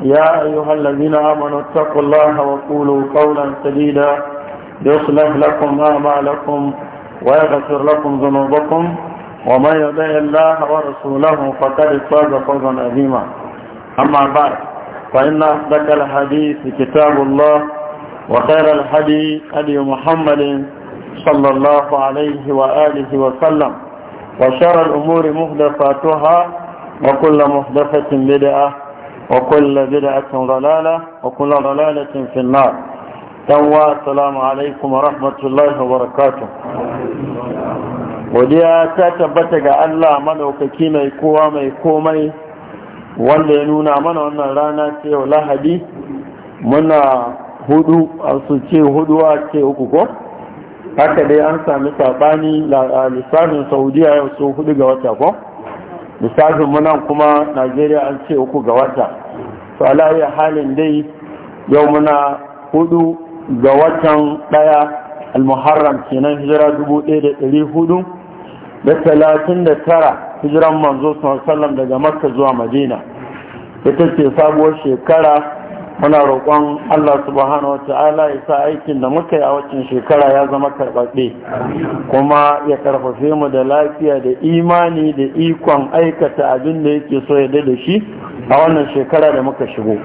يا أيها الذين آمنوا اتقوا الله وقولوا قولا سديدا يصلح لكم أعمالكم ويغفر لكم ذنوبكم ومن يدع الله ورسوله فقد فاز فوزا عظيما أما بعد فإن أصدق الحديث كتاب الله وخير الحديث هدي محمد صلى الله عليه وآله وسلم وشر الأمور مهدفاتها وكل محدثة بدعة وكل بدعة ضلالة وكل ضلالة في النار تنوى السلام عليكم ورحمة الله وبركاته وديا تتبتك ألا ملوك كيما يكوى ما يكومي wanda ya nuna mana wannan rana ce yau lahadi muna hudu a su ce hudu ce uku ko haka dai an sami saɓani a lissafin Saudiyya yau su hudu ga wata ko lissafin munan kuma najeriya an ce uku ga wata to alawiyar halin dai yau muna hudu ga watan daya almuharram kenan hijira dubu ɗaya da hudu da talatin da tara hijiran manzo sallam daga makka zuwa madina ita ce sabuwar shekara muna roƙon Allah subhanahu wata'ala ya sa aikin da muka yi a wacin shekara ya zama karɓaɓɓe kuma ya karfafe mu da lafiya da imani da ikon aikata abin da yake so ya da shi a wannan shekara da muka shigo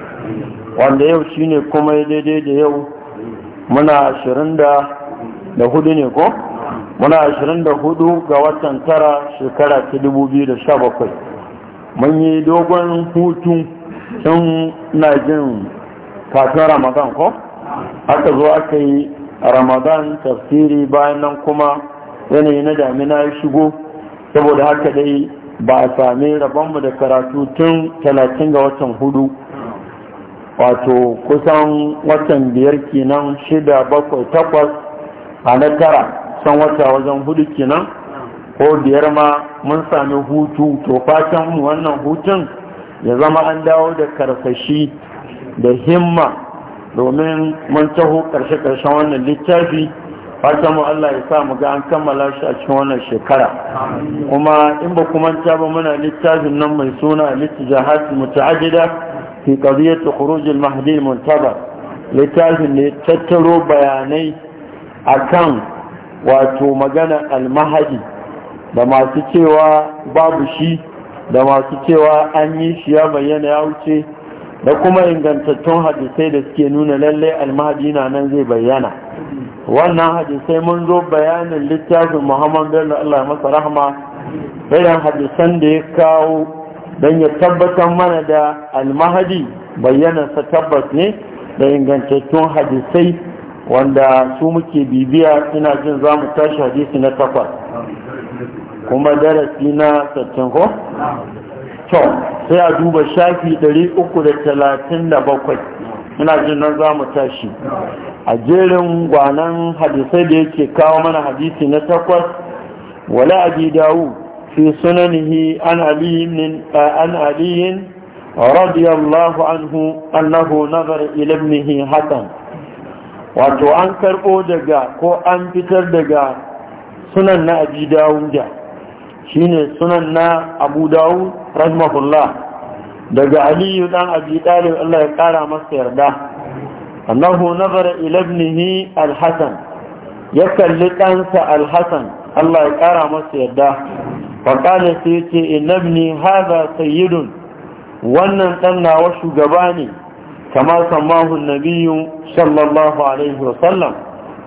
wanda yau shine kuma ya daidai da yau muna ashirin da hudu ne ko muna ashirin da hudu ga watan tara shekara ta dubu biyu da sha bakwai mun yi dogon hutu tun na jin kafin ramadan ko aka zo aka yi ramadan tafsiri bayan nan kuma yanayi na damina ya shigo saboda haka dai ba a sami rabonmu da karatu tun talatin ga watan hudu wato kusan watan biyar kenan shida bakwai takwas a na tara san wata wajen hudu kenan ko biyar ma mun sami hutu to fatan mu wannan hutun ya zama an dawo da karsashi da himma domin mun taho karshe-karshen wannan littafi fata mu Allah ya sa mu ga an kammala shi a cikin wannan shekara kuma in ba kuma ta ba muna littafin nan mai suna littijahat muta'addida fi qadiyyat khuruj al-mahdi al-muntaba littafin ne tattaro bayanai akan wato magana al-mahdi da masu cewa babu shi da masu cewa an yi shi ya bayyana ya wuce da kuma ingantattun hadisai da suke nuna lallai almahadi na nan zai bayyana wannan hadisai mun zo bayanin littafin muhammad bello allah masa rahama irin hadisan da ya kawo don ya tabbatar mana da almahadi bayyanarsa tabbas ne da ingantattun hadisai wanda su muke bibiya ina jin za mu tashi hadisi na takwas kuma darasi na sattin ko to sai a duba shafi 337 ina jin nan za mu tashi a jerin gwanan hadisai da yake kawo mana hadisi na takwas wala abi dawu fi sunanihi an aliyin an aliyin radiyallahu anhu annahu nazar ila ibnihi hatan, wato an karbo daga ko an fitar daga sunan na abi da. shine sunan na abu dawud rahimahullah daga aliyu dan abi talib Allah ya kara masa yarda annahu nazara ila ibnihi al ya kalli ɗansa alhasan Allah ya kara masa yarda fa kana sai yace inna ibni hadha sayyidun wannan dan nawa shugaba ne kama sammahu nabiyyu sallallahu alaihi wa sallam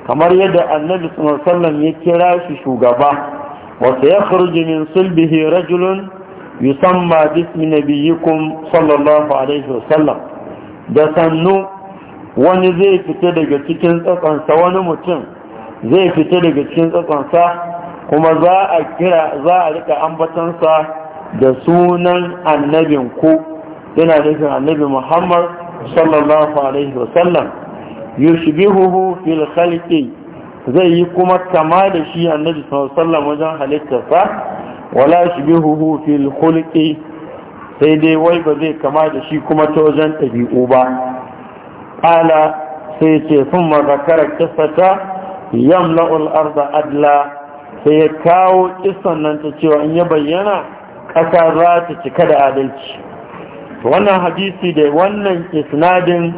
kamar yadda annabi sallallahu alaihi sallam ya kira shi shugaba وسيخرج من صلبه رجل يسمى باسم نبيكم صلى الله عليه وسلم da sannu wani zai fita daga cikin tsakansa wani mutum zai fita daga cikin tsakansa kuma za a kira za a rika ambatansa da sunan annabin ku yana nufin annabi muhammad sallallahu alaihi wasallam yushbihuhu fil khalqi zai yi kuma kama da shi annabi sallallahu wajen halittarsa wala shibihuhu fil khulqi sai dai wai ba zai kama da shi kuma ta wajen ɗabi'u ba ala sai ce sun mazakara kisata yamla'ul arda adla sai ya kawo kisan nan ta cewa in ya bayyana ƙasa za ta cika da adalci wannan hadisi da wannan isnadin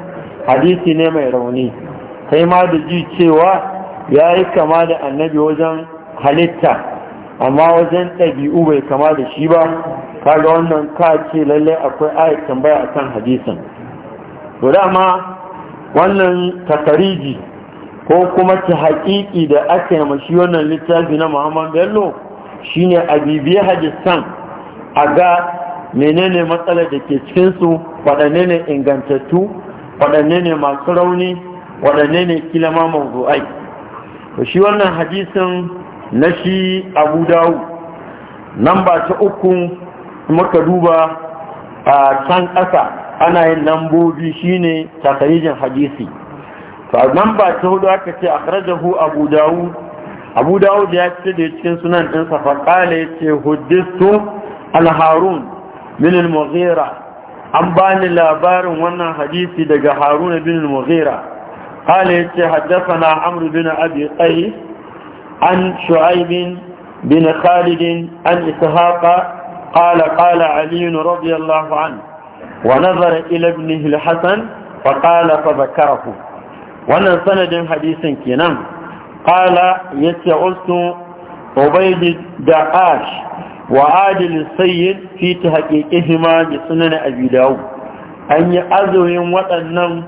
hadisi ne mai rauni kai ma da ji cewa ya yi kama da annabi wajen halitta amma wajen ɗabi'u bai kama da shi ba kaga wannan ka ce lallai akwai ayat tambaya a kan hadisin to dama wannan takariji ko kuma ta haƙiƙi da aka yi mashi wannan littafi na muhammad bello shine a bibiyar hadisan a ga menene matsalar da ke cikinsu waɗanne ne ingantattu waɗanne ne masu rauni waɗanne ne kilama ma shi wannan hadisin na shi abu dawu namba ta uku muka duba a can ƙasa ana yin lambobi shine takarijin hadisi to namba ta hudu aka ce a karajahu abu dawu abu dawu da ya ce da cikin sunan ɗinsa faƙala ya ce hudistu alharun min al an bani labarin wannan hadisi daga Harun bin al قال يتي حدثنا عمرو بن أبي قيس عن شعيب بن خالد عن إسحاق قال قال علي رضي الله عنه ونظر إلى ابنه الحسن فقال فذكره وانا سند حديث كنان قال يتعلت عبيد دعاش وعادل السيد في تحقيقهما بسنن أبي داود أن يأذهم وأنهم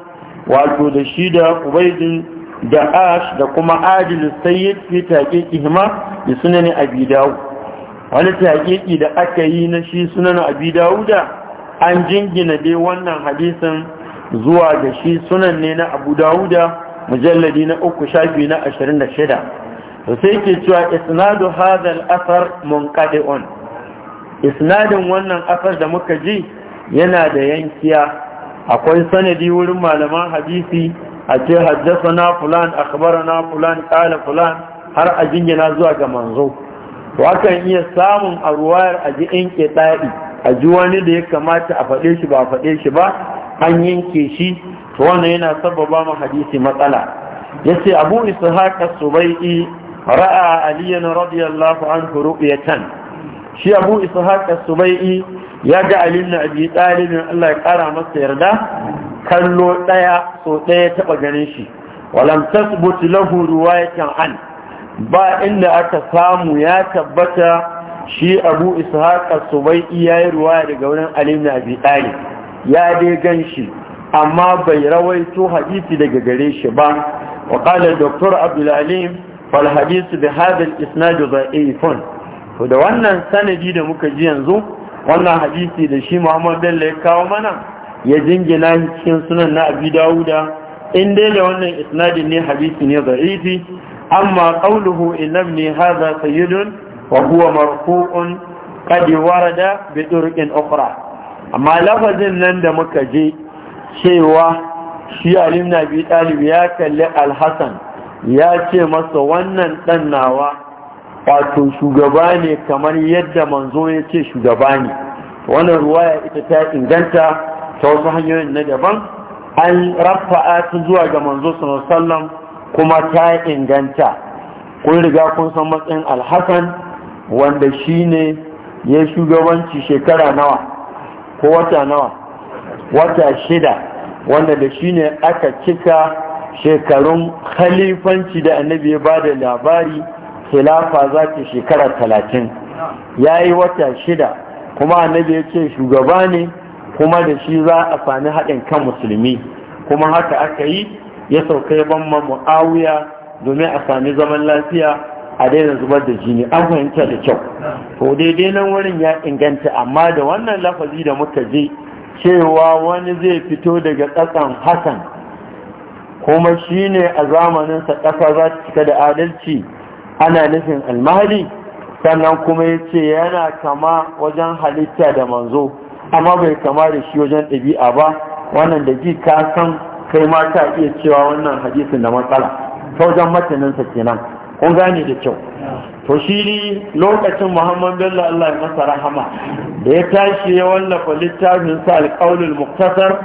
wato da shi da ubaidin da ash da kuma adil sayyid fi taqiqi hima da sunan abi dawud wani taqiqi da aka yi na shi sunan abi dawuda an jingina dai wannan hadisin zuwa da shi sunan ne na abu dawuda mujalladi na uku shafi na 26 to sai ke cewa isnadu hadal asar munqadi'un isnadin wannan asar da muka ji yana da yankiya akwai sanadi wurin malaman hadisi a ce haddasa na fulan kabara na fulan kala fulan har a na zuwa ga manzo To wakan iya samun a ruwayar a ji in ɗaɗi a ji wani da ya kamata a faɗe shi ba a faɗe shi ba an yanke shi to wannan yana sababa ma hadisi matsala Ya yace abu ishaq subaii ra'a aliyan radiyallahu anhu ru'yatan shi abu ishaq as-subai'i ya ga alin na abi ɗalibin Allah ya ƙara masa yarda kallo ɗaya so ɗaya taɓa ganin shi walam tasbut lahu riwayatan an ba inda aka samu ya tabbata shi abu ishaq as-subai yayi ruwaya daga wurin alin na abi ɗalib ya dai gan shi amma bai rawaito hadisi daga gare shi ba wa qala doktor abdul alim fal hadisi bi hadha al-isnad da wannan sanadi da muka ji yanzu wannan hadisi da shi muhammad bello ya kawo mana ya jingina cikin sunan na abi dawuda in dai da wannan isnadin ne hadisi ne da'ifi amma qawluhu inna ne hadha sayyidun wa huwa marfu'un qad warada bi turqin ukhra amma lafazin nan da muka je cewa shi alim na bi talib ya kalli Alhassan ya ce masa wannan dan nawa wato shugaba ne kamar yadda manzo ya ce shugaba ne wannan ruwaya ita ta inganta ta wasu hanyoyin na daban an rafa'a ta zuwa ga manzo sallam kuma ta inganta kun riga kun san matsayin alhassan wanda shi ne ya shugabanci shekara nawa ko wata nawa wata shida wanda da shi ne aka cika shekarun khalifanci da annabi ya ba da labari khilafa za ta shekara talatin ya yi wata shida kuma annabi ya ce shugaba ne kuma da shi za a sami haɗin kan musulmi kuma haka aka yi ya sauka ban ma mu'awiya domin a sami zaman lafiya a daina zubar da jini an fahimta da kyau to daidai nan wurin ya inganta amma da wannan lafazi da muka je cewa wani zai fito daga ƙasan hasan kuma shi ne a zamaninsa ƙasa za ta cika da adalci ana nufin almahadi sannan kuma ya ce yana kama wajen halitta da manzo amma bai kama da shi wajen ɗabi'a ba wannan da ji ka san kai ma ta iya cewa wannan hadisin da matsala ta wajen mataninsa kenan kun gane da kyau to shi lokacin muhammad bello allah ya masa rahama da ya tashi ya wallafa littafinsa alƙaulul muktasar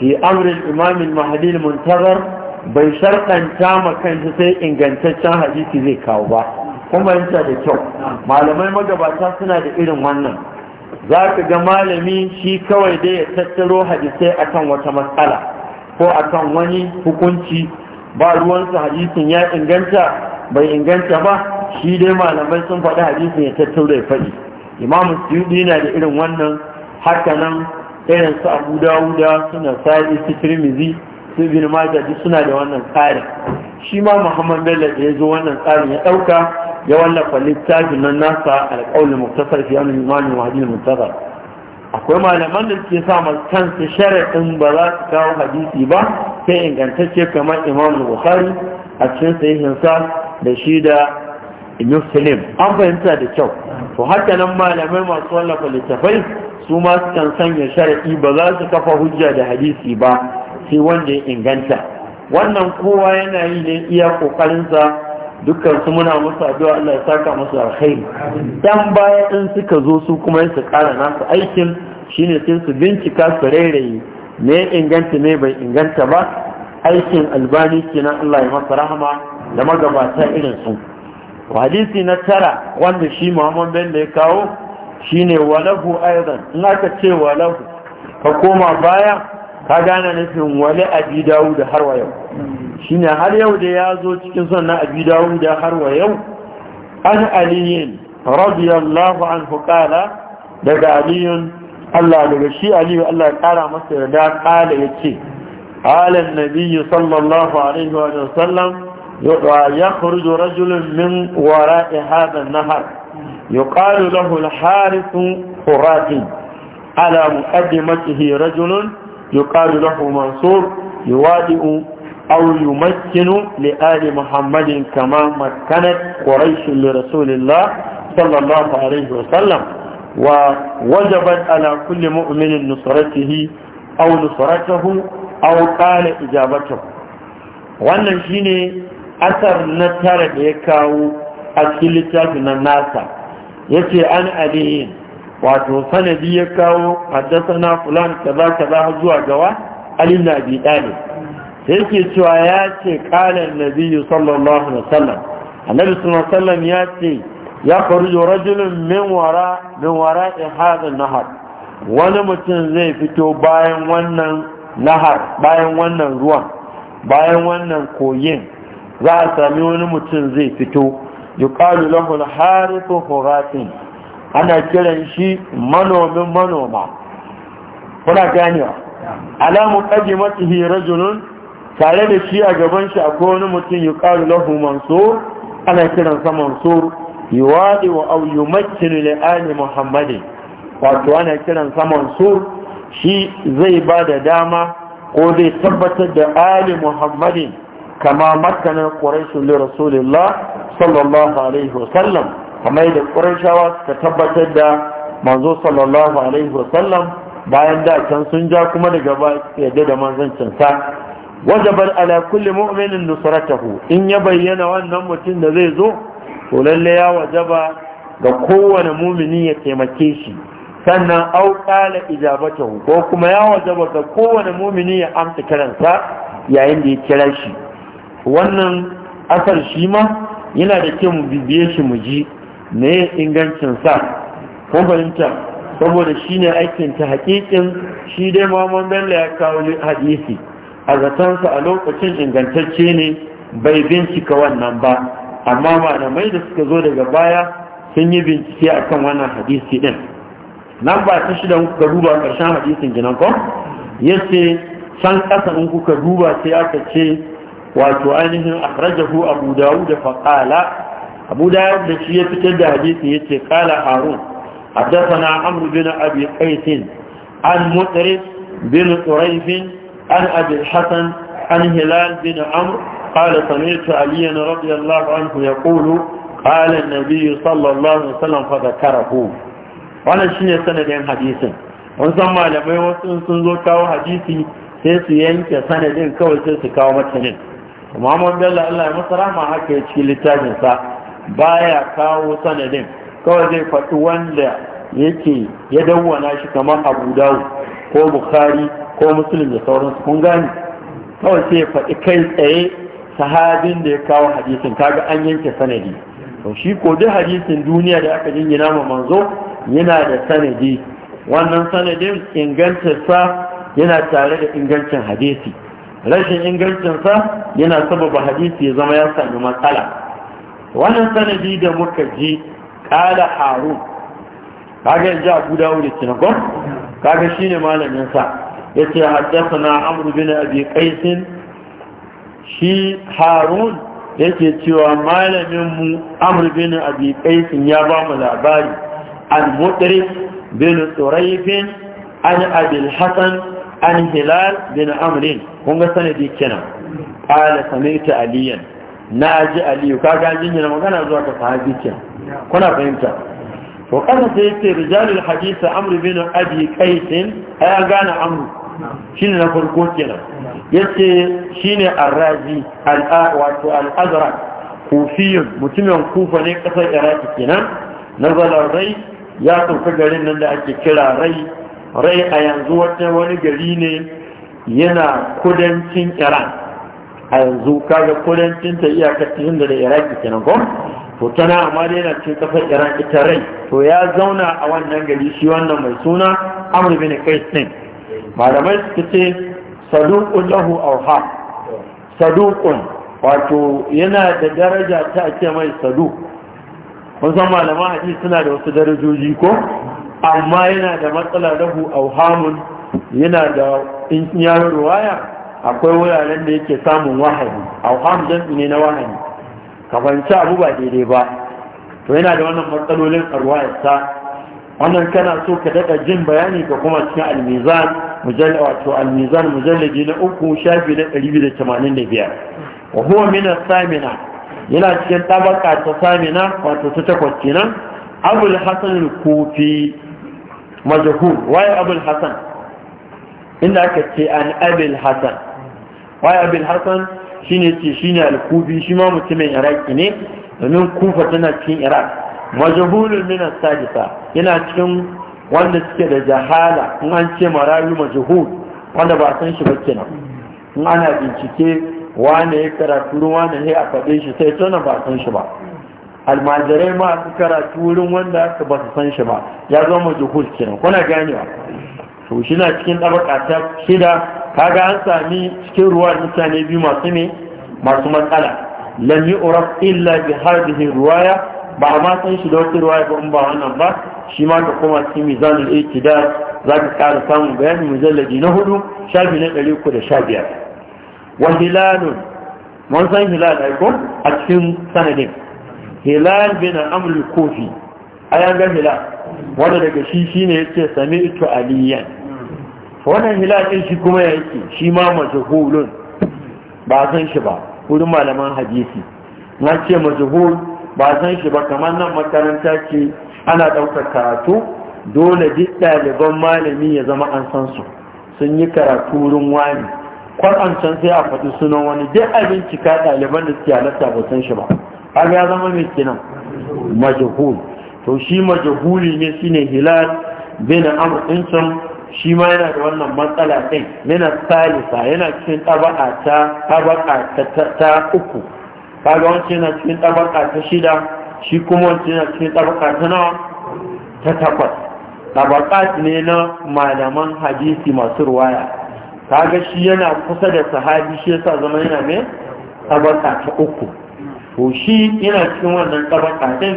fi amrin imamin mahadin muntazar bai sharɗanta ma sai ingantaccen hadisi zai kawo ba kuma yanta da kyau malamai magabata suna da irin wannan za ka ga malami shi kawai dai ya tattaro hadisai akan wata matsala ko akan wani hukunci ba ruwansa hadisin ya inganta bai inganta ba shi dai malamai sun faɗi hadisin ya tattaro ya faɗi imam suyudi na da irin wannan hakanan nan irin su abu dawuda suna sa'i su su bin maja suna da wannan tsarin shi ma muhammad bello da ya zo wannan tsarin ya ɗauka ya wallafa littafin nan nasa alƙawlin muktasar fi amin imanin wa hadin muktasar akwai malaman da suke sa kansu sharaɗin ba za su kawo hadisi ba sai ingantacce kamar imam bukhari a cikin sahihin sa da shi da muslim an fahimta da kyau to haka nan malamai masu wallafa littafai su ma su kan sanya sharaɗi ba za su kafa hujja da hadisi ba shi wanda ya inganta wannan kowa yana yi ne iya kokarinsa dukkan su muna musu addu'a Allah ya saka musu alkhairi dan baya in suka zo su kuma su kara nasu aikin shine sai su bincika su rairaye me inganta me bai inganta ba aikin albani kenan Allah ya masa rahama da magabata irin su hadisi na tara wanda shi Muhammad Bello ya kawo shine walahu aidan in aka ce walahu ka koma baya ka gane nufin wani abi dawo da har wa yau shi ne har yau da ya zo cikin sannan abi dawo da har wa yau an aliyin radiyallahu an hukala daga aliyun Allah daga shi aliyu Allah ya kara masa yarda kala ya ce halin nabiyyu sallallahu alaihi wa sallam ya kurju rajulun min wara'i hadan nahar yuqalu lahu al-harith quratin ala muqaddimatihi rajulun yuqalu lahu mansur yuwadi'u aw yumakkinu li ali muhammadin kama makkanat quraish li rasulillah sallallahu alaihi wa sallam wa wajabat ala kulli mu'minin nusratihi aw nusratuhu aw qala ijabatuhu wannan shine asar na tara da ya kawo a cikin littafin nan nasa yace an aliyin wato sanadi ya kawo haddasa fulan kaza kaza zuwa gawa alin na bi ɗani sai yake cewa ya ce na biyu sallallahu alaihi wasallam annabi sallallahu alaihi wasallam ya ce ya faru rajulun min wara min wara hadha nahar wani mutum zai fito bayan wannan nahar bayan wannan ruwan bayan wannan koyin za a sami wani mutum zai fito yuqalu lahu al-harithu huratin ana kiran shi manomin manoma kuna ganewa alamun ƙaji matsihi rajulun tare da shi a gaban shi akwai wani mutum yi ƙaru lahu mansur ana kiransa mansur yi waɗi wa au yi makin la'ani muhammadin wato ana kiransa mansur shi zai ba da dama ko zai tabbatar da ali muhammadin kama makanar ƙwararsu lirasulillah sallallahu alaihi wasallam kamar da ƙurashawa suka tabbatar da manzo sallallahu alaihi wasallam bayan da can sun ja kuma da ba yadda da manzancinsa wajabar ala kulli mu'minin nusratahu in ya bayyana wannan mutum da zai zo to lalle ya wajaba ga kowane mumini ya taimake shi sannan au qala ijabatahu ko kuma ya wajaba ga kowane mumini ya amsa kiransa yayin da ya kira shi wannan asar shi ma yana da kyau mu bibiye shi mu ji ne ingancin sa kun fahimta saboda shine aikin ta hakikin shi dai mamman bello ya kawo hadisi a sa a lokacin ingantacce ne bai bincika wannan ba amma malamai da suka zo daga baya sun yi bincike akan wannan hadisi din nan ba ta shida kuka duba ƙarshen hadisin ginan ko yace san kasa in kuka duba sai aka ce wato ainihin akhrajahu abu dawud fa qala abu da da shi ya fitar da hadisi ya ce qala harun حدثنا عمرو بن ابي قيس عن مطرف بن قريب an ابي الحسن عن هلال بن عمرو قال سمعت عليا رضي الله عنه يقول قال النبي صلى الله عليه وسلم فذكره wannan shine sanadin hadisin mun san malamai wasu sun zo kawo hadisi sai su yanke sanadin kawai sai su kawo matanin muhammad bello allah ya masa rahama haka ya ci littafin sa baya kawo sanadin kawai zai faɗi wanda yake ya dawwana shi kamar abu dawo ko bukhari ko musulun da sauransu kun gani kawai sai ya faɗi kai tsaye sahabin da ya kawo hadisin kaga an yanke sanadi to shi ko duk hadisin duniya da aka jingina ma manzo yana da sanadi wannan sanadin ingantarsa yana tare da ingancin hadisi rashin ingancinsa yana sababa hadisi ya zama ya sami matsala wannan sanadi da muka ji kala harun kaga yanzu a guda wuri ko kaga shine ya ce yace na amr bin abi kaisin shi harun yake cewa malaminmu mu amr bin abi kaisin ya ba mu labari an mutare bin tsoraifin an abil hasan an hilal bin amurin kunga sanadi kenan qala sami'tu aliyan na aji aliyu kaga jinyina magana zuwa ga sahabi kuna fahimta to kana sai ce rijalul hadisi amru bin abi qais ya gane amru shine na farko kenan yace shine arrazi al'a wa wato al-azraq kufiyun mutumin kufa ne kasar iraki kenan nazala rai ya sauka garin nan da ake kira rai rai a yanzu wata wani gari ne yana kudancin iran a yanzu kaga kudancin ta iyakar cikin da iraki kenan ko to tana amma dai yana cikin kafar iran ita rai to ya zauna a wannan gari shi wannan mai suna amr bin qais din malamai suka ce saduqun lahu awha saduqun wato yana da daraja ta ake mai sadu. kun san malaman hadisi suna da wasu darajoji ko amma yana da matsala lahu awhamun yana da in ya ruwaya akwai wuraren da yake samun wahayi a jam'i ne na wahayi ka fahimci abu ba daidai ba to yana da wannan matsalolin arwayarsa wannan kana so ka daɗa jin bayani ka kuma cikin almizan mujalla wato almizan mujallabi na uku shafi na ɗari da tamanin da biyar wa huwa mina samina yana cikin tabaka ta samina wato ta takwas kenan abul hasan kofi majahul waye abul hasan inda aka ce an abul hasan Waye abin harsan shi ne ce shi ne alkubi shi ma mutumin iraki ne domin kufa tana cikin iraq majahulun mina sadisa yana cikin wanda suke da jahala in an ce marayu majahul wanda ba a san shi ba kenan in ana bincike wane ya karatu ruwa ne ya faɗe shi sai tona ba a san shi ba almajirai ma su karatu wurin wanda aka ba su san shi ba ya zama majahul kenan kuna ganewa to shi na cikin ɗabaƙa ta shida kaga an sami cikin ruwa mutane biyu masu ne masu matsala lam uraf illa bi hadhihi ruwaya ba a ma san shi da wata ruwaya ba in ba wannan ba shi ma ka koma cikin mizanul iktidar za ka ƙara samun bayanin mujalladi na hudu shafi na ɗari uku da sha biyar wa hilalun mun san hilal ko a cikin sanadin hilal bin amul kofi a yangar hilal wanda daga shi shine yace sami'tu aliyan wannan hilal din shi kuma yake shi ma majhulun ba san shi ba wurin malaman hadisi na ce majhul ba san shi ba kamar nan makaranta ce ana ɗaukar karatu dole duk ɗaliban malami ya zama an san su sun yi karatu wurin wani san sai a faɗi sunan wani duk abinci ka ɗaliban da suke halatta ba san shi ba har ya zama mai kinan majahul to shi majahuli ne shine hilal bin amr shi ma yana da wannan matsala ɗin mina salisa yana cikin tabaka ta tabaka ta uku kaga wancan yana cikin tabaka ta shida shi kuma wancan yana cikin tabaka ta nawa ta takwas tabakat ne na malaman hadisi masu ruwaya kaga shi yana kusa da sahabi shi yasa zama yana mai tabaka ta uku to shi yana cikin wannan tabaka ɗin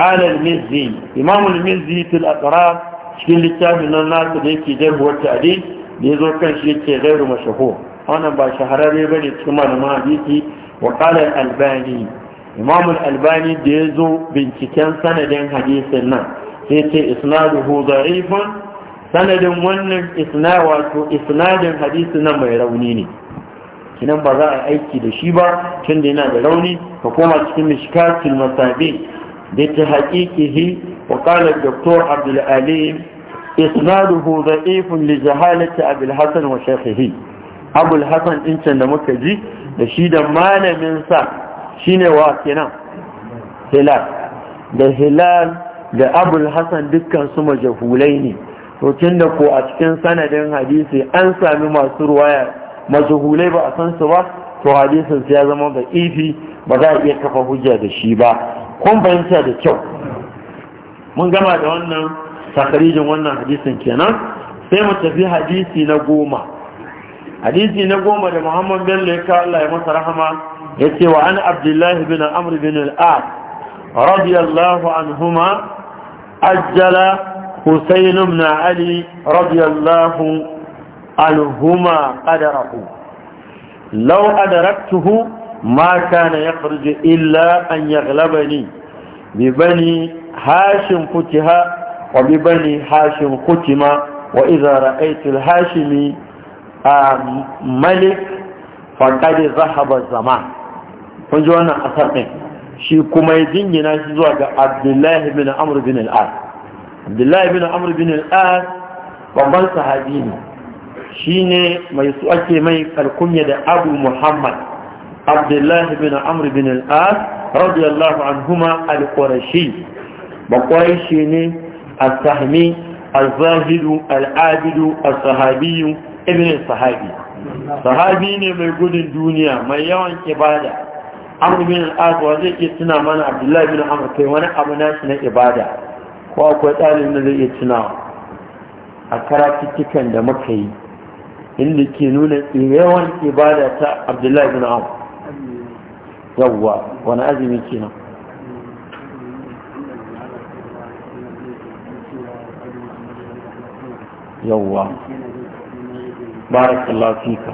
qala al-mizzi imam al-mizzi fil aqrab cikin littafin nan nasu da yake jan wata adi da ya zo kan shi yake gairu mashaho wannan ba shahararre ba ne cikin malaman hadisi wa albani imam albani da ya zo binciken sanadin hadisin nan sai ce isnaduhu da'ifun sanadin wannan isna wato isnadin hadisin nan mai rauni ne kinan ba za a aiki da shi ba tunda yana da rauni ka koma cikin mishkatul masabi da ta haƙiƙihi wa ƙalar doktor abdullalim isnadu huza ifin li jahalata abdullhassan wa shafihi abdullhassan incan da muka ji da shi da malaminsa shi wa kenan hilal da hilal da abdullhassan dukkansu majahulai ne rukin da ko a cikin sanadin hadisi an sami masu ruwaya majahulai ba a san su ba to hadisinsu ya zama da ba za a iya kafa hujja da shi ba kun fahimta da kyau mun gama da wannan takarijin wannan hadisin kenan sai mu tafi hadisi na goma hadisi na goma da muhammad bello ya kawo Allah ya masa rahama ya ce wa an abdullahi bin amr bin al'ad radiyallahu anhuma ajjala husayn ibn ali radiyallahu anhuma qadarahu ya illa an ما كان يخرج إلا أن يغلبني ببني هاشم فتها وببني هاشم ختما وإذا رأيت a malik faƙari zahaba zama kun ji wannan asar ɗin shi kuma ya jingina shi zuwa ga abdullahi bin Amur, bin al'ad abdullahi bin Amur, bin al'ad babban sahabi ne shi ne mai su ake mai kalkunya da abu muhammad abdullahi bin amr bin al'ad radiyallahu anhuma al-qurashi bakwai ne al-sahmi al-zahidu al-abidu al-sahabiyu ibn sahabi sahabi ne mai gudun duniya mai yawan ibada amr bin al'ad wa zai iya tuna mana abdullahi bin amr kai wani abu nashi na ibada ko akwai tsarin zai iya tunawa a karatuttukan da muka yi inda ke nuna yawan ibada ta abdullahi bin yawwa wani azumi nan yawwa barakallahu fika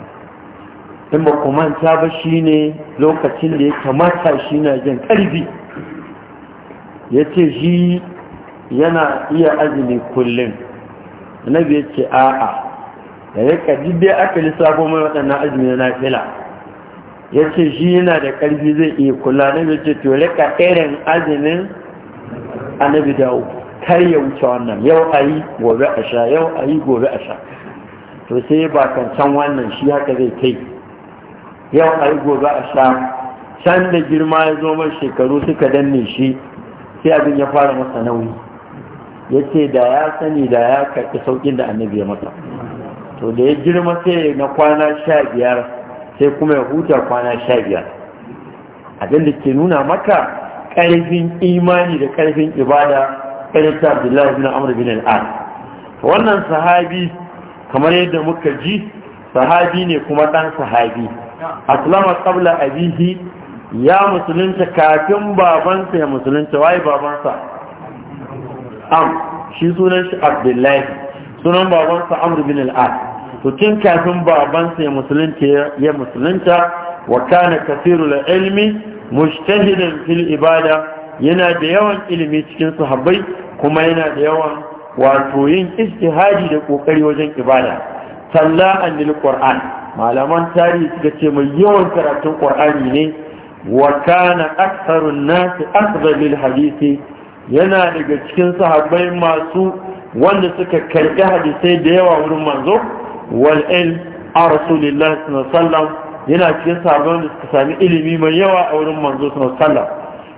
in ba shi ne ba lokacin da ya kamata shi na jin karfi ya ce shi yana iya azumi kullum na biya ce a'a da ya kaji biya aka lissafo mai waɗannan azumi na fila ya ce shi yana da ƙarfi zai iya kula na bai ce to irin azumin annabi dawo kar ya wuce wannan yau a yi gobe a sha yau a yi gobe a sha to sai ba kan wannan shi haka zai kai yau a yi gobe a sha can da girma ya zo mai shekaru suka danne shi sai abin ya fara masa nauyi ya ce da ya sani da ya karɓi sauƙin da annabi ya masa to da ya girma sai na kwana sha biyar sai kuma ya huta kwana sha biyar abinda da ke nuna maka ƙarfin imani da ƙarfin ibada ƙarfin abdullahi bin amr bin al'ad wannan sahabi kamar yadda muka ji sahabi ne kuma ɗan sahabi aslama qabla abihi ya musulunta kafin babansa ya musulunta waye babansa am shi sunan shi abdullahi sunan babansa amr bin al'ad to tun kafin babansa ya musulunta ya musulunta wa kana kasirul ilmi mujtahidan fil ibada yana da yawan ilimi cikin sahabbai kuma yana da yawan wato yin ijtihadi da kokari wajen ibada talla anil qur'an malaman tarihi suka ce mai yawan karatun qur'ani ne wa kana aktharun nas akhdha hadisi yana daga cikin sahabbai masu wanda suka karɓi hadisai da yawa wurin manzo wal a rasulillah sallam yana cikin sabon da suka sami ilimi mai yawa a wurin manzo sallam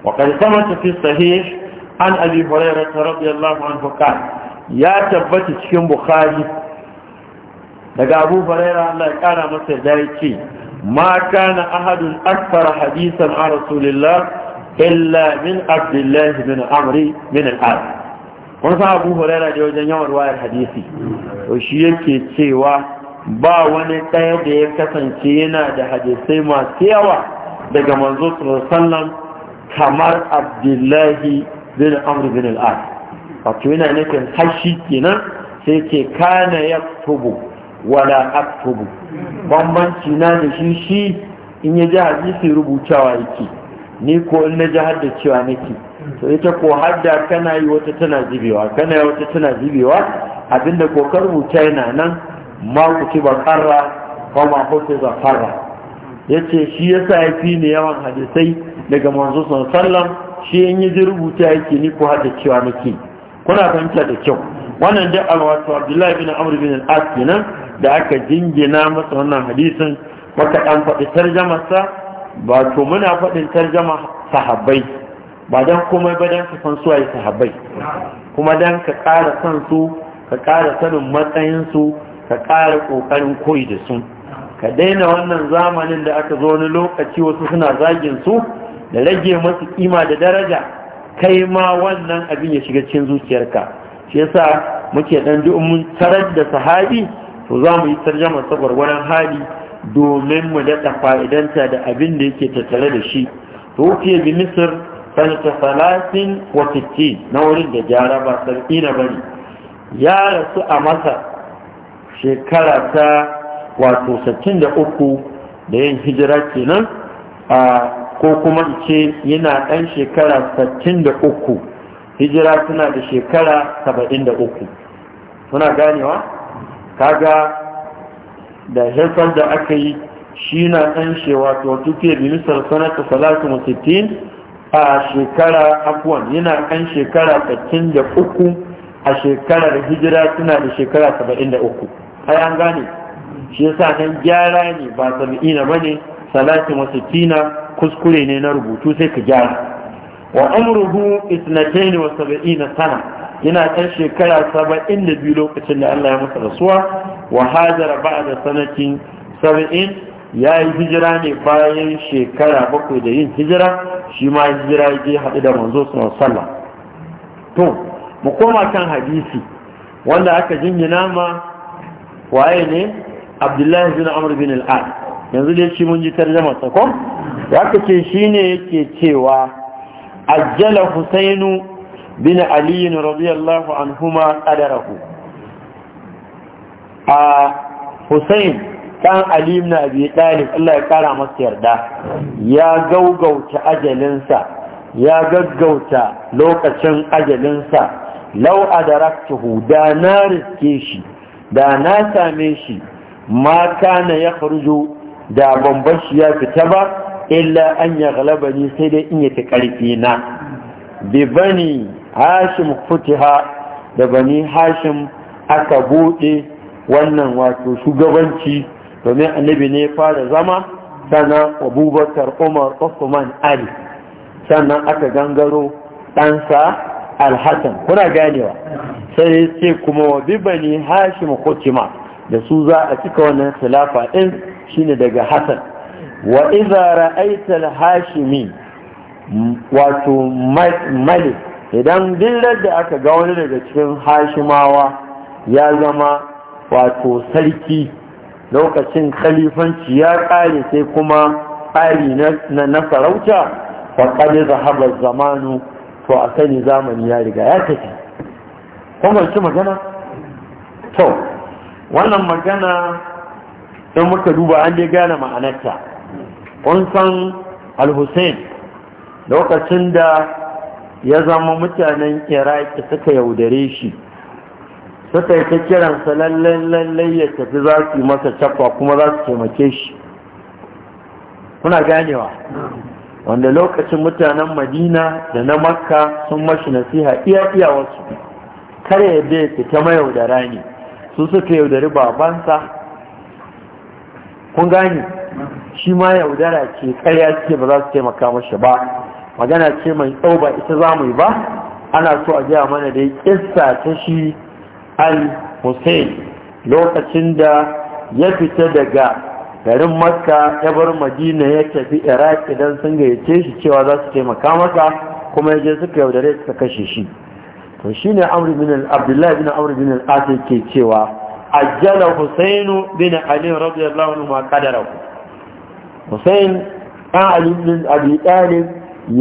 wa qad samata fi sahih an abi hurairah radiyallahu anhu qala ya tabbata cikin bukhari daga abu hurairah Allah ya kara masa da yake ما كان أحد أكثر حديثا عن رسول الله إلا من عبد الله بن عمرو بن kun sa abu huraira da wajen yawan wayar hadisi to shi yake cewa ba wani ɗaya da ya kasance yana da hadisai masu yawa daga manzo sallam kamar abdullahi bin amr bin al'ad wato yana nufin hashi kenan sai ke kana ya tubu wala aktubu bambanci na da shi shi in ya ji hadisi rubutawa yake ni ko in na ji haddacewa nake to ita ko hadda kana yi wata tana zubewa kana yi wata tana zubewa abinda ko ka rubuta yana nan ma ku ci ba karra ko ma ku ci ba karra yace shi yasa ya fi ne yawan hadisai daga manzo sallam shi in yi rubuta yake ni ko hadda cewa nake kuna fahimta da kyau wannan da wato Abdullahi bin Amr bin al-As da aka jingina masa wannan hadisin maka dan faɗi tarjamarsa ba to muna faɗin tarjama sahabbai ba don komai ba don ka san suwaye sahabbai kuma don ka ƙara san su ka ƙara sanin matsayinsu ka ƙara ƙoƙarin koyi da su ka daina wannan zamanin da aka zo wani lokaci wasu suna zagin su da rage masu kima da daraja kai ma wannan abin ya shiga cikin zuciyarka shi yasa muke dan ji mun tarar da sahabi to za mu yi tarjama sabar wani hali domin mu daɗa fa'idanta da abin da yake tattare da shi to ke bi misir sanata salatin wa fitti na wurin da gyara ba sarki na bane ya rasu a masa shekara ta wato sittin da uku da yin hijira kenan a ko kuma ce yana ɗan shekara sittin da uku hijira suna da shekara saba'in da uku suna ganewa kaga da haifar da aka yi shi na ɗan shewa wato tuke bi misal sanata salatin wa sittin a shekara afuwan yana kan shekara takin da uku a shekarar hijira suna da shekara saba'in da uku ai an gane shi yasa nan gyara ne ba saba'ina ba ne salatin wasu tina kuskure ne na rubutu sai ka gyara wa amruhu isnatain wa saba'ina sana yana kan shekara saba'in da biyu lokacin da Allah ya masa rasuwa wa hajara ba'da sanatin saba'in ya yi hijira ne bayan shekara bakwai da yin hijira shi ma yi hijira ya je haɗu da manzo sallah to mu koma kan hadisi wanda aka jingina nama. waye ne abdullahi bin amr bin al'ad yanzu dai shi mun ji tarjama sako ya ce shi ne yake cewa ajjala husainu bin aliyin radiyallahu anhuma qadarahu a husain ɗan alim na abi ɗalib Allah ya ƙara masa yarda ya gaugauta ajalinsa ya gaggauta lokacin ajalinsa lau adaraktuhu da na riske shi da na same shi ma na ya farjo da bambar ya fita ba illa an ya galaba ni sai dai in ta karfi na bi bani hashim futiha da bani hashim aka buɗe wannan wato shugabanci domin annabi ne ya fara zama sannan abubakar umar osman ali sannan aka gangaro ɗansa alhassan kuna ganewa sai ce kuma wa bibani hashim kutima da su za a cika wannan salafa ɗin shine daga hassan wa iza ra'aita hashimi wato malik idan dillar da aka ga wani daga cikin hashimawa ya zama wato sarki lokacin kalifanci ya kare sai kuma ƙari na sarauta faƙaɗe zahabar zamanu to a sani zamani ya riga ya tafi kuma ci magana? to wannan magana in muka duba an dai gane ma'anarta kun san al-hussein lokacin da ya zama mutanen iraki suka yaudare shi suka yi ta kiransa lallai lallai ya tafi za su yi masa cakwa kuma za su taimake shi kuna ganewa wanda lokacin mutanen madina da na makka sun mashi nasiha iya iya wasu kar ya bai fita mayaudara ne su suka yaudari babansa kun gane shi ma yaudara ce karya ce ba za su taimaka mashi ba magana ce mai tsau ba ita za mu yi ba ana so a gaya mana da kissa ta shi al-hussein lokacin da ya fita daga garin makka ya bar madina ya tafi iraq idan sun gayyace shi cewa za su taimaka masa kuma ya je suka yaudare suka kashe shi to shine amr bin abdullahi bin amr bin al-as ke cewa ajjala husainu bin ali radiyallahu anhu ma qadara husain dan ali bin abi talib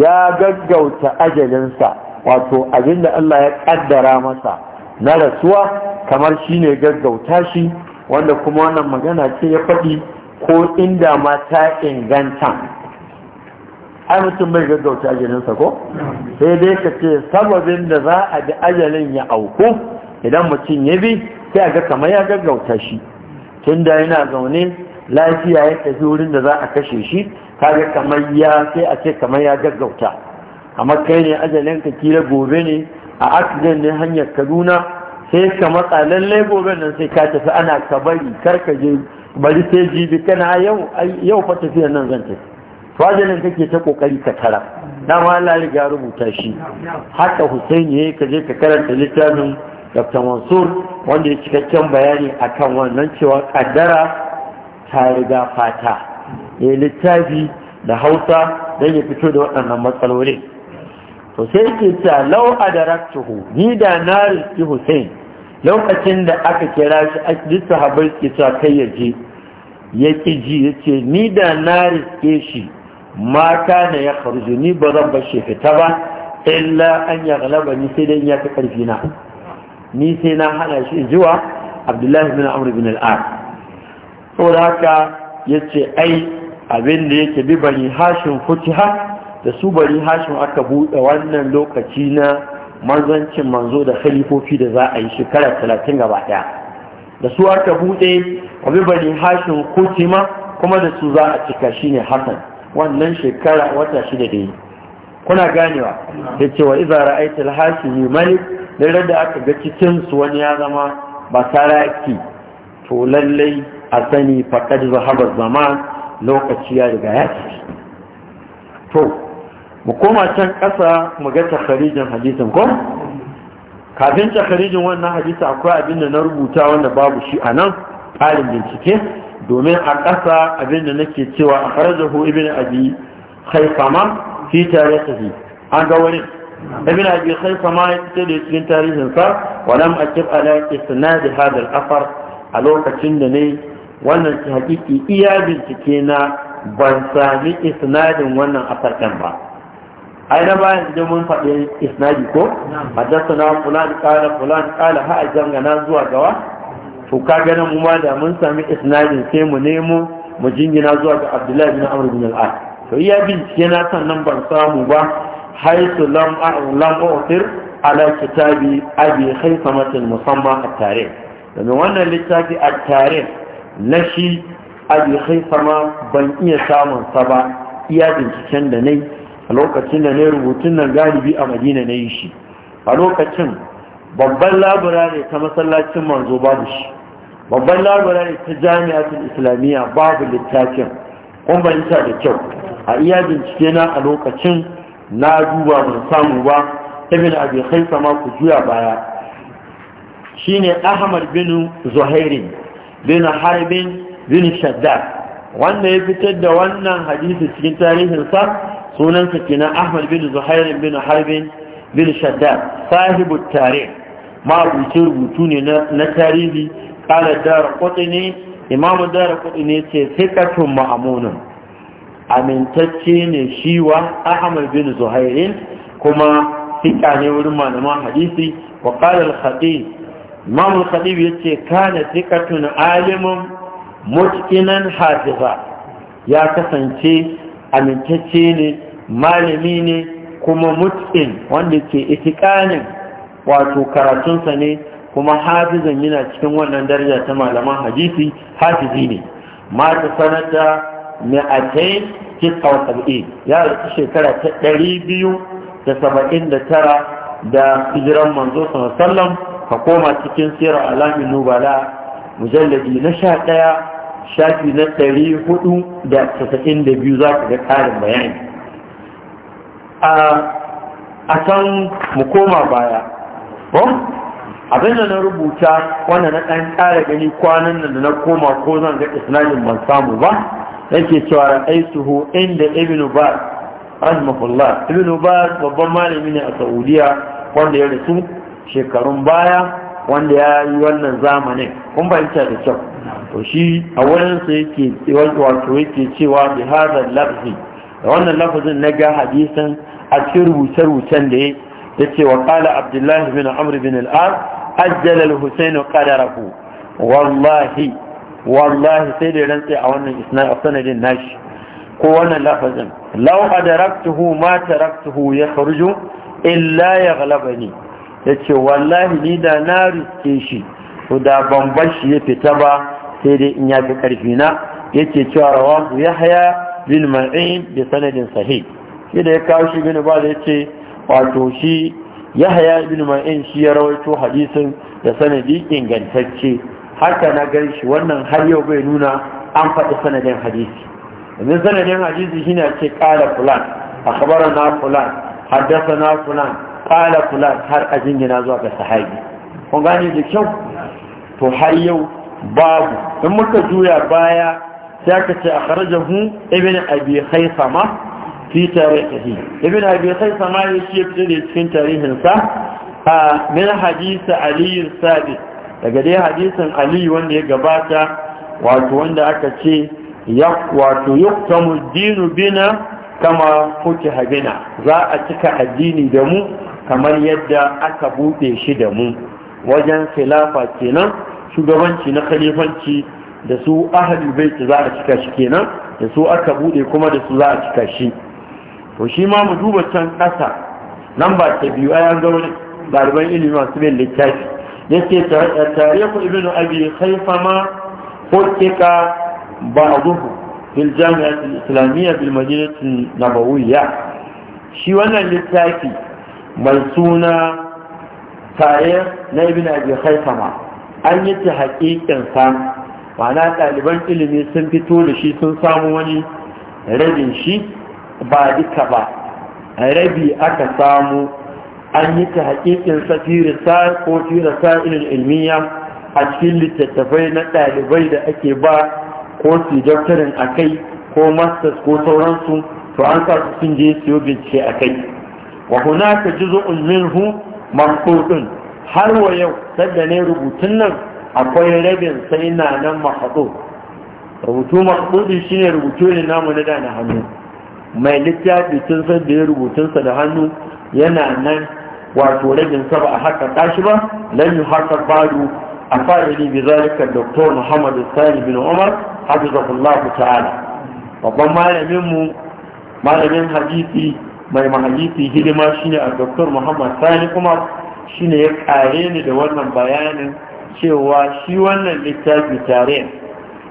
ya gaggauta ajalinsa wato abinda Allah ya kaddara masa na rasuwa kamar shi ne gaggauta shi wanda kuma wannan magana ce ya faɗi ko inda ma ta inganta ai mutum bai gaggauta ajalinsa ko sai dai ka ce sababin da za a bi ajalin ya auku idan mutum ya bi sai a ga kamar ya gaggauta shi Tun da yana zaune lafiya ya tafi wurin da za a kashe shi kaga kamar ya sai a ce kamar ya gaggauta amma kai ne ajalinka kila gobe ne a accident ne hanyar kaduna sai ka matsa lallai gobe nan sai ka tafi ana ka bari kar ka je bari sai jibi kana yau yau fa tafiyar nan zan tafi fajalin kake ta kokari ka tara dama Allah riga rubuta shi haka Husaini yayi ka je ka karanta littafin Dr. Mansur wanda ya cikakken bayani akan wannan cewa kaddara ta riga fata ya littafi da Hausa don ya fito da waɗannan matsalolin to sai yake cewa law ni da na riski Hussein lokacin da aka kira shi a duk sahabbai kai ya je ya ki ji ya ce ni da na riske shi mata na ya kharju ni ba zan bar shi fita ba illa an ya galaba ni sai dai ya fi karfi na ni sai na hana shi zuwa abdullahi bin amr bin al'ad saboda haka ya ce ai abin da yake bi bani hashin futiha da su bari hashin aka buɗe wannan lokaci na manzancin manzo da khalifofi da za a yi shekara talatin gaba ɗaya da su aka buɗe wa bari hashim kutima kuma da su za a cika shi ne hasan wannan shekara wata shi da dai kuna ganewa da cewa iza ra'aita al ne malik da rada aka ga cikin su wani ya zama ba saraki to lallai a sani faqad zahaba zaman lokaci ya riga ya ci to mu koma can ƙasa mu ga takharijin hadisin ko kafin takharijin wannan hadisi akwai abin da na rubuta wanda babu shi a nan ƙarin bincike domin a ƙasa abin da nake cewa a farajahu ibn abi haifama fi tarihi an ga wani ibn abi haifama ya fito da cikin tarihinsa walam akib ala isnadi hadal afar a lokacin da ne wannan hakiki iya bincike na ban sami isnadin wannan afar ɗin ba ai na bayan da mun faɗi isnadi ko haddasa fulan kala Fulani kala ha a jangana zuwa gawa to ka gana mu ma da mun sami isnadin sai mu nemo mu jingina zuwa ga abdullahi bin amr bin al to iya bincike na sannan ban samu ba haitu lam a'lam u'tir ala kitabi abi khaisamatul musamma at-tarikh domin wannan littafi at-tarikh na shi abi khaisama ban iya samun sa ba iya binciken da nayi a lokacin da ne rubutun nan galibi a madina na yi shi a lokacin babban laburare ta masallacin manzo babu shi babban laburare ta jami'atun islamiyya babu littafin kwanbanta da kyau a iya bincike na a lokacin na duba ban samu ba da abin khaifa ma ku juya baya Shi ne ahmad bin Zuhairi, bin harbin bin shaddad wanda ya fitar da wannan hadisi cikin tarihinsa sunansa kenan ahmad bin zuhair bin harbin bin shaddad sahibu tarih ma'abucin rubutu ne na tarihi kala dara kwatsi ne imamu dara kwatsi ne ce fikatun ma'amunan. amintacce ne shi wa ahmad bin zuhairin kuma fika ne wurin malaman hadisi wa kala al-khatib imamu al-khatib ya ce kana fikatun alimin mutkinan hafiza ya kasance amintacce ne malami ne kuma mutsin wanda ke itikanin wato karatunsa ne kuma hafizan yana cikin wannan daraja ta malaman hadisi hafizi ne mata sanata a tisa wa sab'in ya rasu shekara ta ɗari biyu da saba'in da tara da hijiran manzo sallam ka koma cikin sirar alamin nubala mujalladi na sha ɗaya shafi na ɗari hudu da tasa'in da biyu za ka ga ƙarin bayani a can mu koma baya abin da na rubuta wanda na ɗan ƙara gani kwanan nan da na koma ko zan ga islamin ban samu ba nake cewa ra'aituhu inda ibn baz rahimahullah ibn Bas babban malami ne a saudiya wanda ya rasu shekarun baya wanda ya yi wannan zamanin kun fahimta da kyau to shi a wurinsa yake wato yake cewa bi hadha lafzi da wannan lafazin na ga hadisin a cikin rubuce-rubucen da ya ya ce wa kala abdullahi bin amr bin al'ad ajjala al-husain qadarahu wallahi wallahi sai da rantse a wannan isnad a sanadin nashi ko wannan lafazin da adaraktuhu ma taraktuhu ya kharuju illa ya Ya yace wallahi ni da na riske shi Ko da ban bashi shi ya fita ba sai dai in ya fi karfi na yace cewa rawahu yahya bin ma'in bi sanadin sahih shi da ya kawo shi bin ba da yace wato shi yahya bin ma'in shi ya rawaito hadisin da sanadi ingantacce haka na gan shi wannan har yau bai nuna an faɗi sanadin hadisi yanzu sanadin hadisi shine ce kala fulan akhbarana fulan na fulan kala fulan har a jingina zuwa ga sahabi kun gane da kyau to har yau babu in muka juya baya ساكت أخرجه ابن أبي خيثمة في تاريخه ابن أبي خيثمة يشيب في A min حديث علي الثابت daga dai hadisin ali wanda ya gabata wato wanda aka ce wato yuktamu dinu bina kama futiha bina za a cika addini da mu kamar yadda aka buɗe shi da mu wajen khilafa kenan shugabanci na khalifanci da su ahalul bait za a cika shi kenan da su aka bude kuma da su za a cika shi to shi ma mu duba can ƙasa nan ba ta biyu a yanzu ɗaliban ilimi masu bin littafi yake tare ku eh, ibnu abi khaifa ma hukika ba'duhu fil jami'atul islamiyya bil madinatin nabawiyya shi wannan littafi mai suna tare na ibnu abi khaifa ma an yi ta haƙiƙin sa ma'ana ɗaliban ilimi sun fito da shi sun samu wani rabin shi ba duka ba rabi aka samu an yi ta hakikin safiri ko fira sa'ilin ilmiya a cikin littattafai na ɗalibai da ake ba ko su daftarin a kai ko masters ko sauransu to an sa su sun je su yi bincike a kai wa hunaka jizo minhu mamfudin har wa yau sadda ne rubutun nan akwai rabin sai na nan mahaɗo rubutu mahaɗoɗi shi ne rubutu ne namu na da na hannu mai littafi tun san da ya rubutunsa da hannu yana nan wato rabin sa ba a haka tashi ba lan yi haka badu a fa'ili bi zalika doktor muhammadu sani bin umar hafizahullahu ta'ala babban malaminmu mu malamin hadisi mai mahadisi hidima shine a doktor muhammad sani kuma shine ya kare ni da wannan bayanin cewa shi wannan littafi tare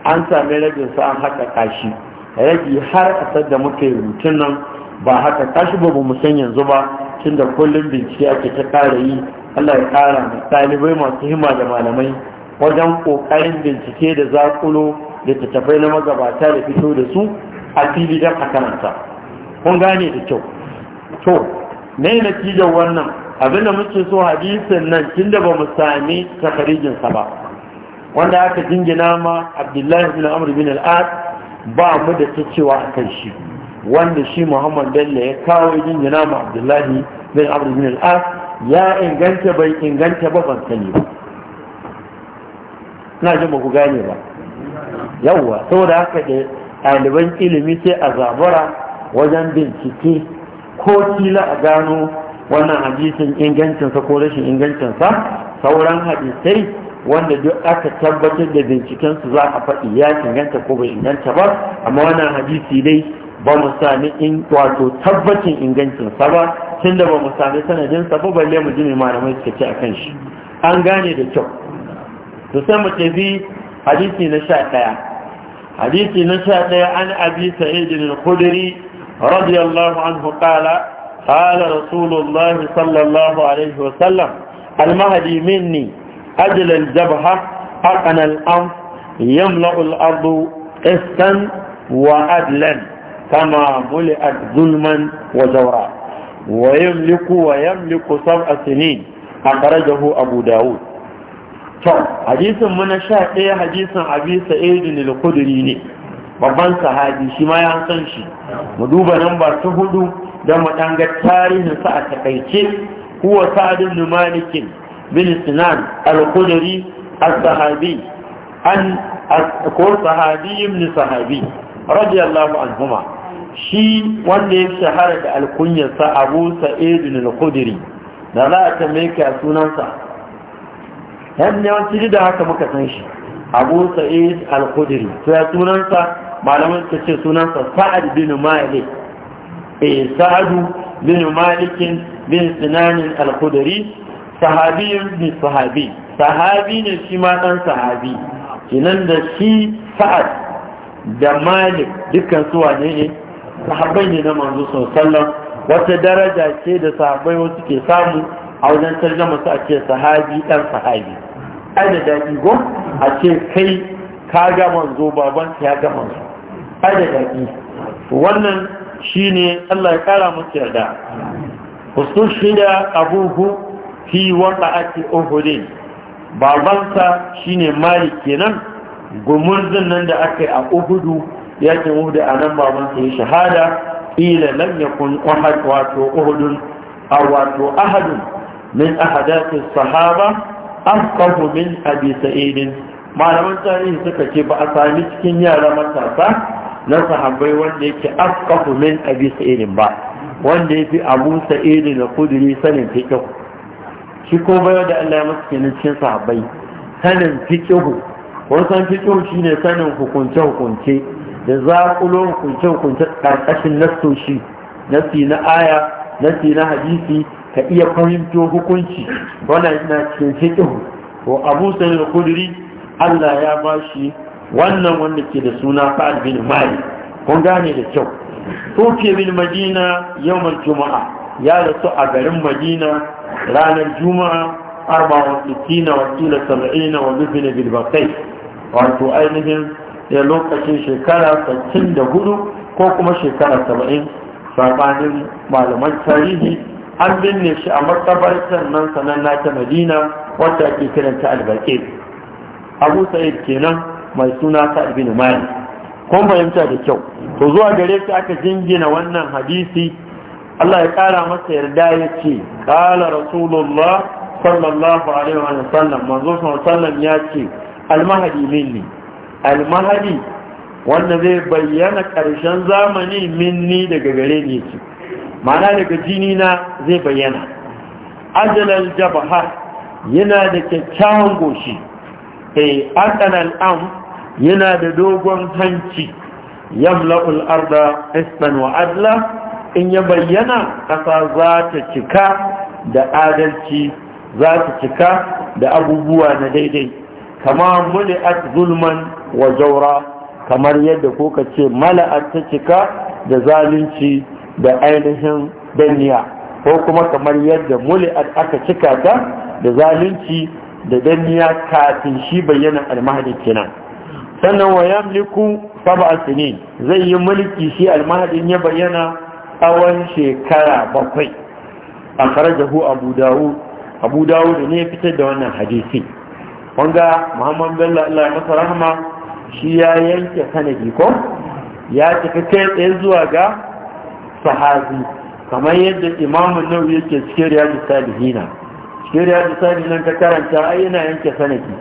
an sami rajin sa an haka kashi ragi har a da muka yi rutun nan ba haka kashi ba mu san yanzu ba tunda kullum bincike ake ta kara yi Allah ya kara da ɗalibai masu himma da malamai wajen ƙoƙarin bincike da zakulo da tattafai na magabata da fito da su a fili don a karanta kun gane da kyau to me natijar wannan abinda muke so hadisin nan tunda ba mu sami takarijinsa ba wanda aka jingina ma abdullahi bin amr bin al'ad ba mu da ta cewa a kan shi wanda shi muhammad bello ya kawo jingina ma abdullahi bin amr bin al'ad ya inganta bai inganta ba ban sani ba na ji ba ku gane ba yawwa saboda haka da ɗaliban ilimi sai a zabara wajen bincike ko kila a gano wannan hadisin ingancinsa ko rashin ingancinsa sauran hadisai wanda duk aka tabbatar da bincikensu za a faɗi ya inganta ko bai inganta ba amma wannan hadisi dai ba mu sami in wato tabbacin ingancinsa ba tunda ba mu sami sanadinsa ba balle mu ji malamai suka ce akan shi an gane da kyau to sai mu tafi hadisi na sha ɗaya hadisi na sha ɗaya an abi sa'idin al-khudri radiyallahu anhu qala قال رسول الله صلى الله عليه وسلم المهدي مني أجل الجبهة أقنى الأنف يملأ الأرض قسطا وعدلا كما ملئت ظلما وجورا ويملك ويملك سبع سنين أخرجه أبو داود hadisin mu na sha ɗaya hadisin abi sa'idin al-khudri ne babban sahabi shi ma ya san shi mu duba namba ta hudu don tarihin tarihinsa a takaice huwa sa'adun bin malikin bin sinan al-kudari as-sahabi an ko sahabi ibn sahabi radiyallahu anhuma shi wanda ya shahara da alkunyarsa abu sa'idun al-kudari da za a tambaye ka sunansa yan yawanci da haka muka san shi abu sa'id al-kudari to ya sunansa malaman ta ce sunansa sa'ad bin malik Eh, sa'adu bin malikin bin sinanin al sahabiyin bin sahabi sahabi ne shi ma ɗan sahabi kinan da shi sa'ad da malik dukkan su wane ne ne na manzo sallam wata daraja ce da sahabai wasu ke samu a wajen tarjama su a ce sahabi ɗan sahabi ai da daɗi go a ce kai ka ga manzo baban ya ga manzo ai da daɗi wannan Shi ne Allah ya kara musu yarda da abubu fi wanda ake uhudin babansa shi ne malik kenan gumurzin nan da aka yi a uhudu ke uhudu a nan babansa ya shahada ila lam yakun wato uhudun a wato ahadun min ahadathis sahaba afqahu min abi sa'id malaman tarihi suka ce ba a sami cikin yara matasa na sahabbai wanda yake afqahu min abi sa'idin ba wanda fi abu sa'idin da kudiri sanin fikihu shi ko bayo da Allah ya masa kenan cikin sahabbai sanin fiqh wasan shi shine sanin hukunce hukunce da za zaƙulo hukunce hukunce ƙarƙashin nassoshi nasi na aya nasi na hadisi ka iya fahimto hukunci wannan ina cikin fikihu to abu sa'idin kudiri Allah ya bashi wannan wanda ke da suna fa’ad bin Malik kun gane da kyau tuke bin Madina mai Juma'a ya rasu a garin Madina ranar Juma'a arba wa kila saba'in wa dufina bil wato ainihin ya lokacin shekara da hudu ko kuma shekara saba'in, sabanin malaman tarihi an binne shi a makabar sannan sanan na ta Madina wata ke kiranta al Abu Sa'id kenan mai suna ta ibn malik kun fahimta da kyau to zuwa gare shi aka jingina wannan hadisi Allah ya kara masa yarda ya ce kala rasulullah sallallahu alaihi wa sallam manzo sallam ya ce almahadi minni almahadi wanda zai bayyana ƙarshen zamani minni daga gare ni ce ma'ana daga jini na zai bayyana ajalal jabha yana da kyakkyawan goshi eh adanal am yana da dogon hanci yamla'ul arda isman wa adla in ya bayyana ƙasa za ta cika da adalci za ta cika da abubuwa na daidai kama muli'at zulman wa jaura kamar yadda ko ka ce mala'at ta cika da zalunci da ainihin danniya ko kuma kamar yadda muli'at aka cika ta da zalunci da danniya kafin shi bayyana almahadi kenan sannan wa yamliku sab'a sinin zai yi mulki shi almahadin ya bayyana tsawon shekara bakwai a karajahu abu dawud abu dawud ne ya fitar da wannan hadisi wanga muhammad bello allah ya masa rahama shi ya yanke sanadi ko ya tafi kai tsaye zuwa ga sahabi kamar yadda imamun nau yake cikin riyadu salihina shi da ya sani nan ka karanta ai yana yanke sanaki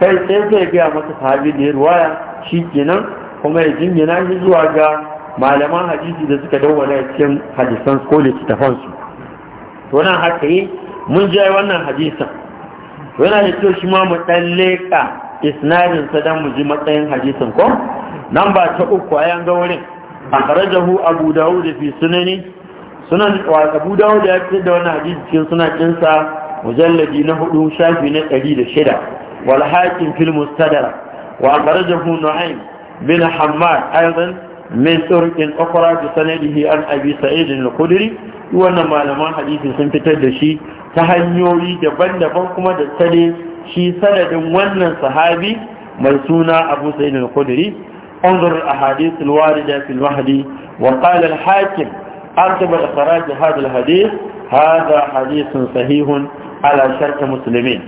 kai sai zai gaya masa sahabi da ya ruwaya shi kenan kuma ya jingina shi zuwa ga malaman hadisi da suka a cikin hadisan ko su to nan haka yi mun je wannan hadisan to yana da kyau shi ma mu dan leka isnadin sa dan mu ji matsayin hadisan ko nan ba ta uku a yanga wurin akhrajahu abu dawud fi sunani sunan wa abu da ya fi da wannan hadisi cikin sunan ɗinsa mujalladi na hudu shafi na ɗari da shida wal hakim fil wa kharajahu nu'aym bin hammad aidan min turqin ukhra bi sanadihi an abi al wannan malaman hadisi sun fitar da shi ta hanyoyi daban-daban kuma da tsare shi sanadin wannan sahabi mai suna abu sa'id al-khudri انظر الاحاديث الوارده في المهدي وقال الحاكم ارتب اخراج هذا الحديث هذا حديث صحيح ala sharti musulmin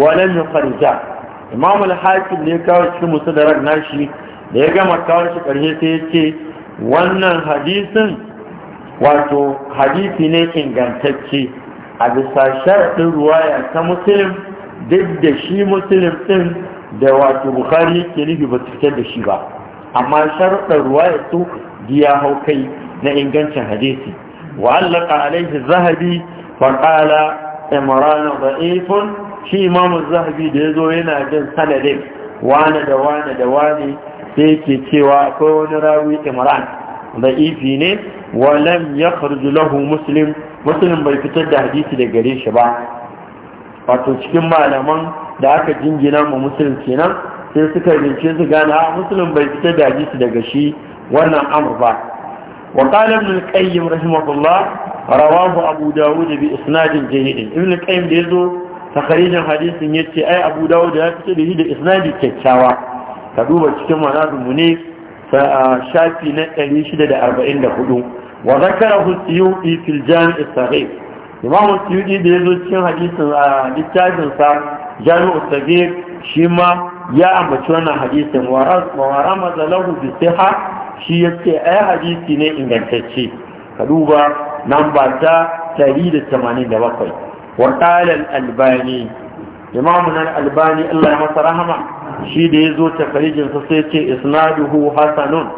walam yufarja imam al-hakim ne kawo cikin musadarar nashi da ya gama kawo shi karshe sai ya ce wannan hadisin wato hadisi ne ingantacce a bisa sharɗin ruwaya ta musulun duk da shi musulun ɗin da wato bukari yake nufi ba cikin da shi ba amma sharɗin ruwaya su biya hau kai na ingancin hadisi wa allaka alaihi zahabi wa qala imran da'ifun shi imam zahabi da ya zo yana jin sanadin wani da wani da wani sai ke cewa akwai wani rawi imran da'ifi ne wa lam yakhruj lahu muslim muslim bai fitar da hadisi da gare shi ba wato cikin malaman da aka jingina mu muslim kenan sai suka rince su gane ah, Musulun bai fitar da hadisi daga shi wannan amur ba وقال ابن القيم رحمه الله رواه أبو داود بإسناد جيد ابن القيم يزو تخريج الحديث يتي أي أبو داود يتي به بإسناد كتشاوى تدوب تكما ناد منيف فشافي نتالي شدة أربعين دخلو وذكره السيوطي في الجامع الصغير إمام السيوطي يزو تكما حديث آه، لتاجن صار جامع الصغير شما يا أمتوانا حديث ورمز له بالصحة shi yace ai hadisi ne ingantacce ka duba namba ta 187 wa qala al-albani imamu nan albani Allah ya masa rahama shi da ya zo takarijin sa sai ce isnaduhu hasanun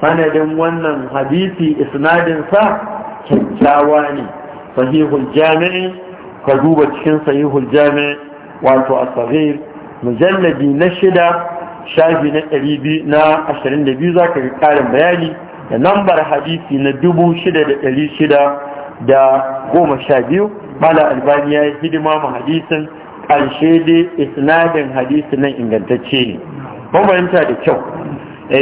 sanadin wannan hadisi isnadin sa kyakkyawa ne sahihul jami'i ka duba cikin sahihul jami'i wato as-sahih mujalladi na shida shafi na na biyu za ka yi ƙarin bayani da lambar hadisi na 6612 mala albani ya yi hidima ma hadisin ƙarshe da isnadin hadisi nan ingantacce ne mamayanta da kyau ya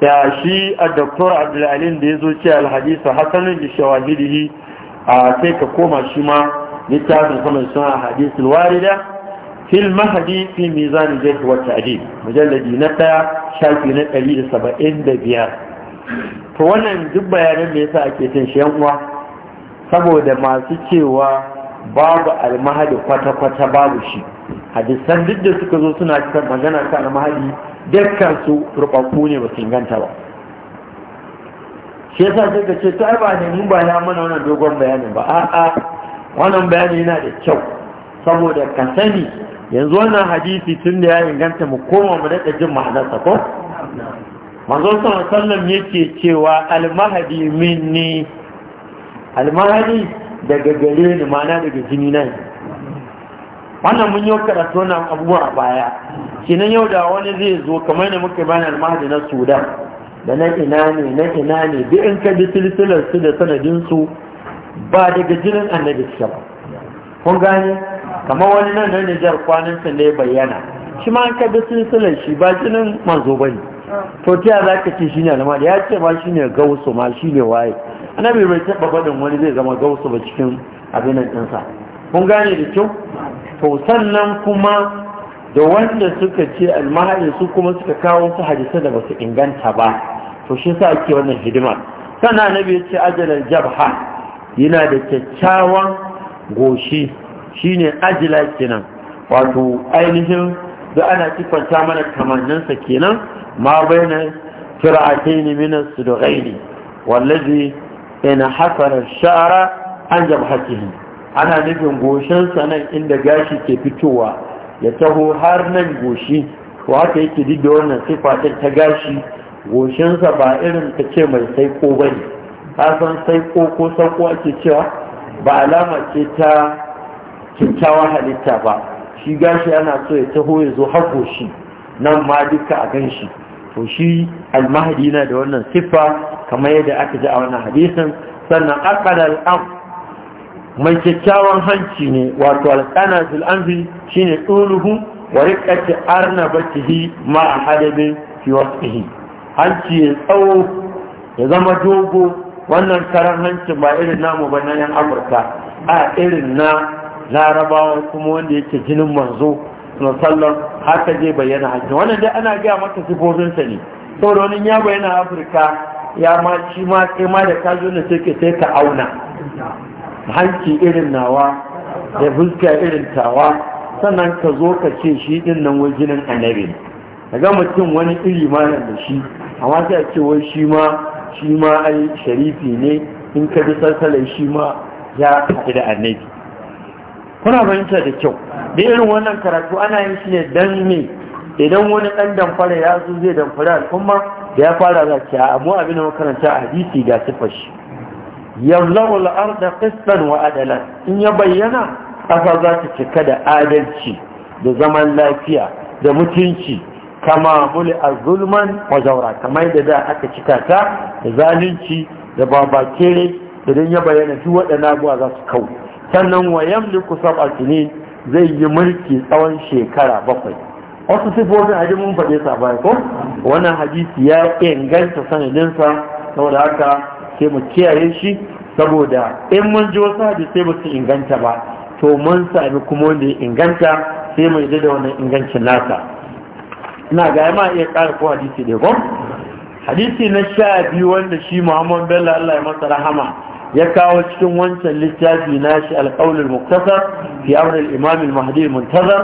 eh, shi a doktor abdulalin da ya zo ce alhadisa hasanun da shawahidihi a sai ka koma shi ma littafin kuma suna hadisul warida fil mahadi fi mizan jahd wa mujalladi na ɗaya, shafi na ɗari da saba'in 175 to wannan duk bayanan me yasa ake cin shi uwa saboda masu cewa babu almahadi kwata-kwata babu shi hadisan duk da suka zo suna cikin magana ta almahadi dukkan su rubabbu ne ba su inganta ba shi yasa ka ce ta ba ne mun ba ya mana wannan dogon bayanin ba a'a wannan bayani yana da kyau saboda ka sani yanzu wannan hadisi tun da ya inganta mu koma mu daɗa jin ma'anarsa ko manzo sallam yake cewa almahadi minni almahadi daga gare ni mana daga jini nan wannan mun yi karatu na abubuwa a baya kinan yau da wani zai zo kamar da muka bani almahadi na sudan da na ina ne na ina ne bi in ka bi silsilar su da sanadinsu ba daga jinin annabi ba kun gane kamar wannan na nijar kwanansa ne bayyana shi ma an kaga silsilar shi ba jinin manzo ba ne to ta za ka ce shi ne ya ce ma shi ne gausu ma shi ne waye annabi bai taɓa faɗin wani zai zama gausu ba cikin abin ɗinsa kun gane da kyau to sannan kuma da wanda suka ce almahari su kuma suka kawo su hadisa da basu inganta ba to shi sa ake wannan hidima sannan annabi ya ce ajalar jabha yana da kyakkyawan goshi Shi ne ajila kenan wato ainihin da ana kifanta mana kamanninsa kenan ma na ne mina su da ainihi wallazi in Ina shara an jabhatihi ana nufin goshinsa nan inda gashi ke fitowa ya taho har nan goshi ko haka yake duk da wannan ta gashi goshinsa ba irin ta ce mai saiko bane ka san saiko ko sako ake cewa ba alama ce ta kyakkyawa halitta ba shi gashi ana so ya taho ya zo hako shi nan ma duka a gan shi to shi almahadi na da wannan siffa kamar yadda aka ji a wannan hadisin sannan aqalal am mai kyakkyawan hanci ne wato alqana fil anfi shine duluhu wa arna arnabatihi ma hadabin fi hanci ya tsawo ya zama dogo wannan karan hanci ba irin namu ba na yan amurka a irin na larabawa kuma wanda yake jinin manzo sallam haka zai bayyana hajji wannan dai ana gaya maka sifofinsa ne saboda wani ya bayyana afirka ya ma shi ma sai ma da kazo ne sai ke sai ka auna hanci irin nawa da fuska irin tawa sannan ka zo ka ce shi din nan wai jinin annabi daga mutum wani iri nan da shi amma sai a ce wai shi ma shi ma ai sharifi ne in ka bi sassalai shi ma ya haɗu da annabi kuna fahimta da kyau da irin wannan karatu ana yin shi ne dan me idan wani dan damfara ya zo zai damfara al'umma da ya fara za ki a mu abin da makaranta a hadisi ga sifar shi yallahu al qistan wa adala in ya bayyana ƙasa za ta cika da adalci da zaman lafiya da mutunci kama muli a zulman wazaura kamar da da aka cika ta da zalunci da babakere idan ya bayyana duk waɗannan abuwa za su kawo sannan wa yamliku sab'a ne zai yi mulki tsawon shekara bakwai wasu sifofin hadin mun faɗe sa baya ko wannan hadisi ya inganta sanadinsa saboda haka sai mu kiyaye shi saboda in mun ji wasu hadisai ba su inganta ba to mun sami kuma wanda ya inganta sai mu yi da wannan ingancin nasa ina ga ma iya ƙara ko hadisi da ko hadisi na sha biyu wanda shi muhammad bello allah ya masa rahama ya kawo cikin wancan littafi nashi alƙaulul muktasar fi amr imam mahdi muntazar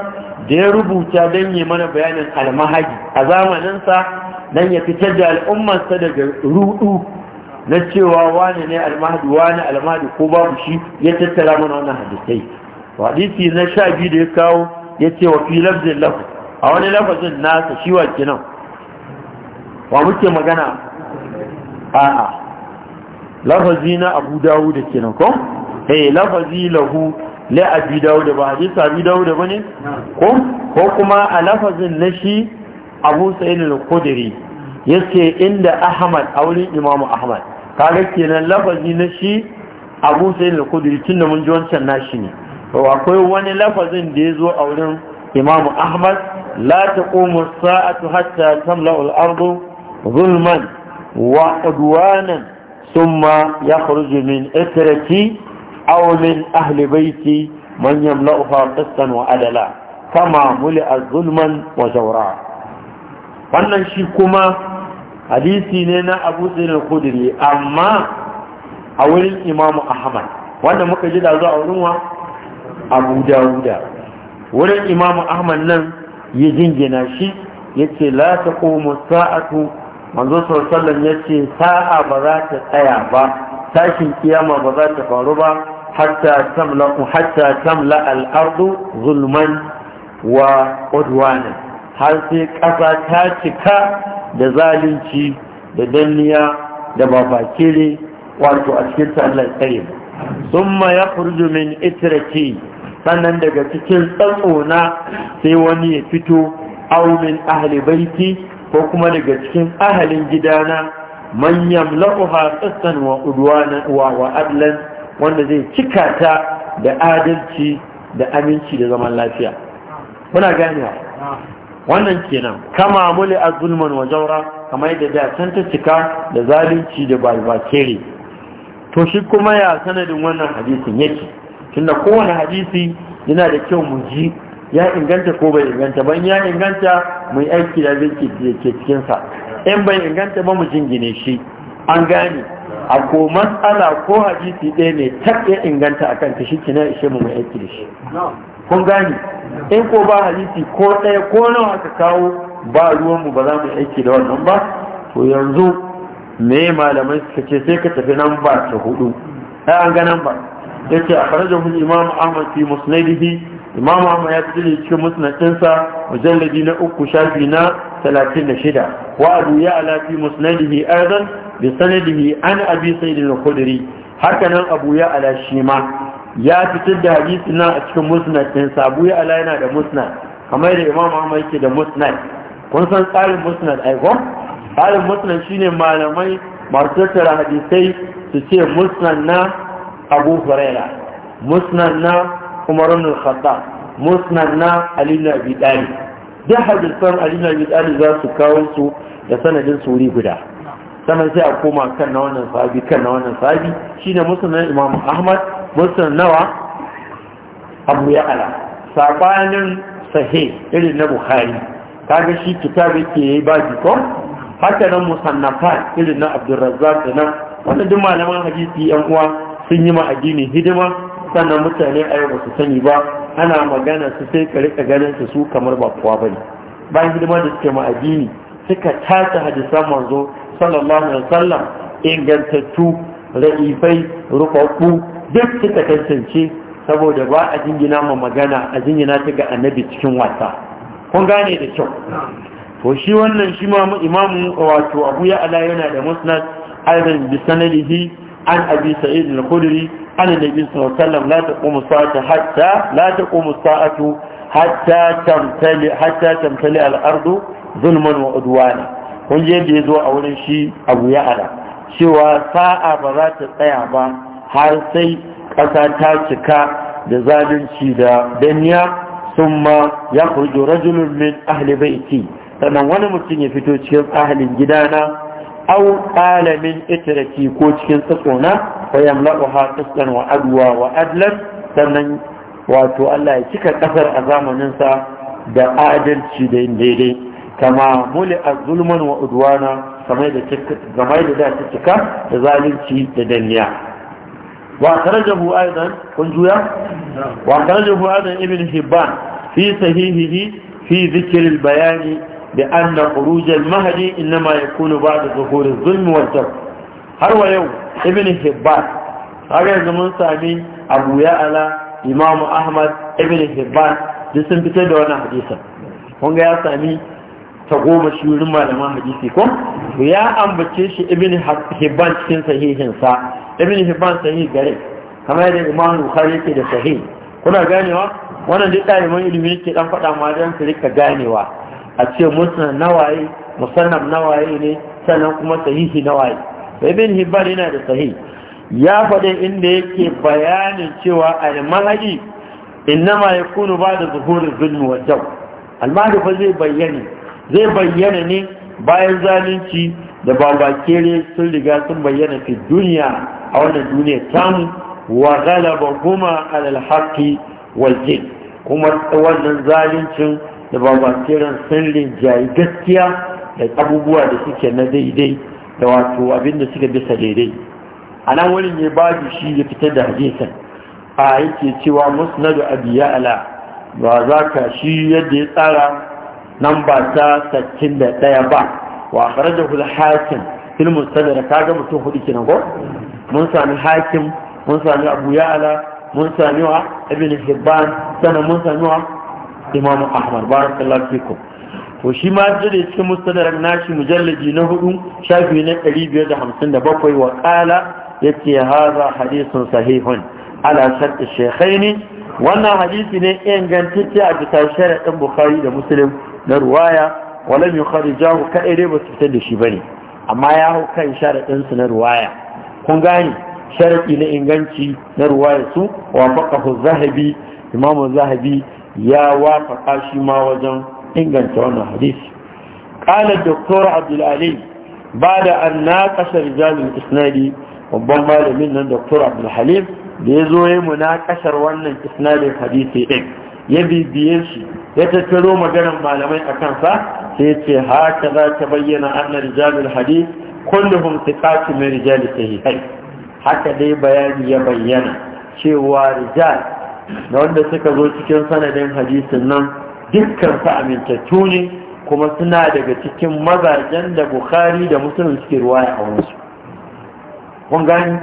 da ya rubuta dan yi mana bayanin al a zamaninsa sa ya fitar da al'ummarsa daga rudu na cewa wani ne al wani al ko babu shi ya tattara mana wannan hadisai hadisi na biyu da ya kawo ce wa fi lafzin lahu a wani lafazin nasa shi wa kenan wa muke magana a'a lafazi na abu dawud da kenan ko eh lafazi lahu Abu abi da ba hadisi abi dawud ba ne ko ko kuma a lafazin na shi abu sa'id al yace inda ahmad a wurin imamu ahmad kaga kenan lafazi na shi abu sa'id al tun tunda mun ji wancan nashi ne to akwai wani lafazin da ya zo a wurin imamu ahmad la taqumu as-sa'atu hatta tamla'u al-ardu zulman wa udwanan ثم يخرج من إسرتي أو من أهل بيتي من يملأها قسطا وعدلا كما ملئت ظلما وجورا wannan shi kuma hadisi ne na abu tsirin kudiri amma a wurin imamu ahmad wanda muka ji da zuwa wurin wa abu dawuda wurin imamu ahmad nan ya jingina shi ya ce la ta sa'atu manzo sallallahu ya ce sa'a ba za ta tsaya ba tashin kiyama ba za ta faru ba hatta tamla hatta tamla al-ardu zulman wa udwana har sai kasa ta cika da zalunci da danniya da babakire wato a cikin ta Allah tsare mu yakhruju min itrati sannan daga cikin tsatsona sai wani ya fito aumin ahli baiti ko kuma daga cikin ahalin gidana man yamla'uha tsassan wa udwana wa adlan wanda zai cika ta da adalci da aminci da zaman lafiya muna ganewa wannan kenan kama muli azulman wa jawra kamar yadda da can cika da zalunci da balbakere to shi kuma ya sanadin wannan hadisin yake tunda kowane hadisi yana da kyau mu ji ya inganta ko bai inganta ban ya inganta mai aiki da zai ke cikinsa in bai inganta ba mu jingine shi an gane a ko matsala ko hadisi ɗaya ne ta ya inganta a kanta shi kina ishe mu mai aiki da shi kun gane in ko ba hadisi ko ɗaya ko nawa aka kawo ba ruwanmu ba za mu aiki da wannan ba to yanzu me malamai suka ce sai ka tafi nan ba ta hudu ai an ga nan ba yace a farajahul imam ahmad fi musnadihi imam Ahmad ya tsiri cikin musnadinsa mujalladi na uku shafi na 36 wa abu ya alafi fi musnadihi aidan bi sanadihi an abi sa'id al-khudri haka nan abu ya ala shi ma ya fitar da hadisi na a cikin musnadinsa abu ya ala yana da musnad kamar da imam Ahmad yake da musnad kun san tsarin musnad ai ko tsarin musnad shine malamai masu tattara hadisai su ce musnad na abu hurairah musnad na umar ibn khattab musnad na ali ibn abi talib da hadisan ali ibn abi za su kawo su da sanadin suri guda sannan sai a koma kan na wannan sahabi kan na wannan sahabi shine musnad imam ahmad musnad nawa abu ala sabanin sahih irin na bukhari kaga shi kitabi yake yayi ba jikon haka nan musannafat irin na abdurrazzaq da nan wannan duk malaman hadisi yan uwa sun yi ma addini hidima sannan mutane a yau ba su sani ba ana magana su sai ka rika ganin su su kamar ba kowa bane bayan hidima da suke ma addini suka tace hadisan manzo sallallahu alaihi wasallam ingantattu ra'ifai rufaku duk suka tantance saboda ba a jingina ma magana a jingina ta ga annabi cikin wasa kun gane da kyau to shi wannan shi ma imamu wato abu ya ala yana da musnad aidan bi sanadihi an abi sa'id al-khudri عن النبي صلى الله عليه وسلم لا تقوم الساعة حتى لا تقوم الساعة حتى تمتلئ حتى تمتلئ الأرض ظلما وعدوانا kun je da ya zo a wurin shi abu ya ala cewa sa'a ba za ta tsaya ba har sai ƙasa ta cika da zalunci da danniya sun ma ya kurjo rajulun min ahli baiti sannan wani mutum ya fito cikin ahalin gidana Hau qala min itraki ko cikin tsatsona fa yamla'uha qistan wa adwa wa adlan sannan wato Allah ya cika kasar a zamanin sa da adalci da daidai kama muli zulman wa udwana kamar da ta cika da zalunci da danniya wa karajahu juya wa karajahu aidan fi sahihihi fi bayani da an da ƙurujen mahadi inama ya kunu ba da zuhurin zulmi wancan har wa yau ibn hibban har yanzu mun sami abu ya ala imamu ahmad ibn hibban duk sun fitar da wannan hadisan kun ya sami ta goma shi wurin malaman ko ya ambace shi ibn hibban cikin sahihinsa ibn hibban sahih gare kamar yadda imam bukhari yake da sahih kuna ganewa wannan duk ɗaliban ilimi ke dan faɗa ma dan su rika ganewa a ce musnad nawaye musannaf nawaye ne sannan kuma sahihi nawaye ibn hibban yana da sahihi ya faɗi inda yake bayanin cewa almahadi innama yakunu ba'da da zulmi wa jaw al-mahdi fa zai bayyana zai bayyana ne bayan zalunci da babakere sun riga sun bayyana fi duniya a wannan duniya tamu wa galaba kuma al haqqi wal jin kuma wannan zaluncin da ba masu kiran sanin jayi gaskiya da abubuwa da suke na daidai da wato abin da suka bisa daidai a nan wurin ne babu shi ya fitar da hadisan a yake cewa musnadu abi ya'la ba za ka shi yadda ya tsara nan ba ta sattin da ɗaya ba wa kharaja hul hakim fil mustadrak kaga mutum hudu kenan ko mun sami hakim mun sami abu ya'ala mun sami wa ibn hibban sannan mun sami wa imamu ahmad barakallahu fikum to shi ma da cikin mustadrak nashi mujallaji na hudu shafi na 557 wa qala yace hadha hadithun sahihun ala shart shaykhaini wannan hadisi ne ingantacce a bisa sharaɗin bukhari da muslim na ruwaya walam yukharijahu kadai dai ba su fitar da shi bane amma ya hau kan sharaɗin su na ruwaya kun gane sharaɗi na inganci na ruwaya su wa faqahu zahabi imamu zahabi ya wafa kashi ma wajen inganta wannan hadisi kala doktor abdulalai ba da an na kasa rijalin isnadi babban malamin nan doktor abdulhalim da ya zo ya mu na wannan isnadin hadisi ɗin ya bibiye shi ya tattaro maganar malamai a kansa sai ce haka za ta bayyana an rijalin hadis kullum su kaci mai rijali haka dai bayani ya bayyana cewa rijal da wanda suka zo cikin sanadin hadisin nan dukkan su amintattu ne kuma suna daga cikin mazajen da bukhari da musulun suke ruwa a wasu kun gani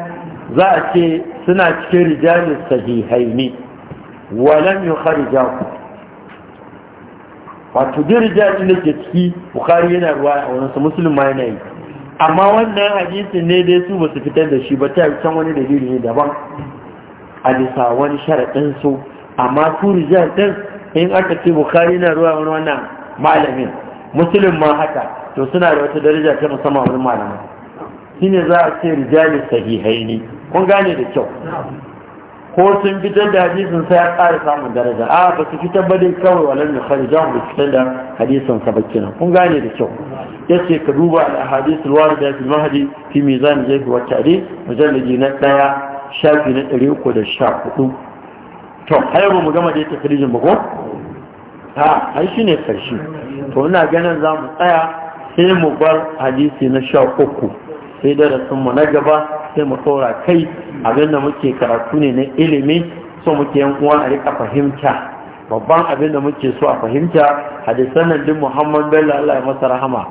za a ce suna cikin rijalin sahihai ne walam yi ku. wato duk rijalin da ke ciki bukhari yana ruwa a wasu musulun ma yana yi amma wannan hadisin ne dai su ba su fitar da shi ba ta can wani dalili ne daban a bisa wani sharaɗin su amma su ɗin in aka ce bukari na ruwa wani wannan malamin musulun ma haka to suna da wata daraja ta musamman wani malamin shine za a ce rijiyar sahihai ne kun gane da kyau ko sun fitar da hadisin sai ya ƙara samun daraja a ba su fitar ba dai kawai walan da kharijan ba fitar da hadisin sa bakin kun gane da kyau yace ka duba al ahadithul warida fil mahdi fi mizan jayb wa ta'dil mujallidi na ɗaya. shafi na ɗari uku da sha hudu to har mu gama da ya tafi ba bako ha ai ne karshe to ina ganin za mu tsaya sai mu bar hadisi na sha uku sai darasin mu na gaba sai mu tsora kai abinda muke karatu ne na ilimi so muke yan uwa a rika fahimta babban abinda muke so a fahimta hadisan nan din Muhammad Bello Allah ya masa rahama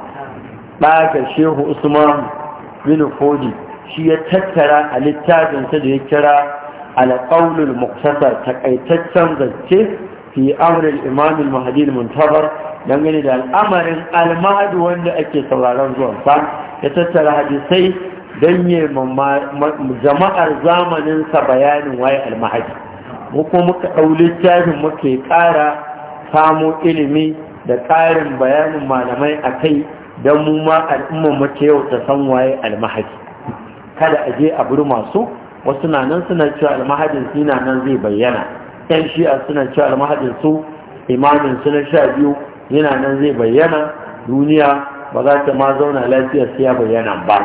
ɗaga Shehu Usman bin Fodi shi ya tattara a littafinsa da ya kira alƙaunul muktasar takaitaccen zance fi amrul imamul mahadin muntabar dangane da al'amarin almadu wanda ake sauraron zuwansa ya tattara hadisai don yi jama'ar zamaninsa bayanin waye almahadi mu kuma muka ɗau littafin muke ƙara samo ilimi da ƙarin bayanin malamai a kai don mu ma al'ummar mu yau ta san waye almahadi kada a je a bar masu wasu na nan suna cewa almahadin su nan zai bayyana yan shi'a suna cewa almahadin su imamin su sha biyu yana nan zai bayyana duniya ba za ta ma zauna lafiya sai ya bayyana ba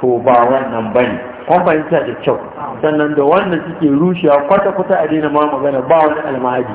to ba wannan bane kun fahimta da kyau sannan da wannan suke rushewa kwata-kwata a daina ma magana ba wani almahadi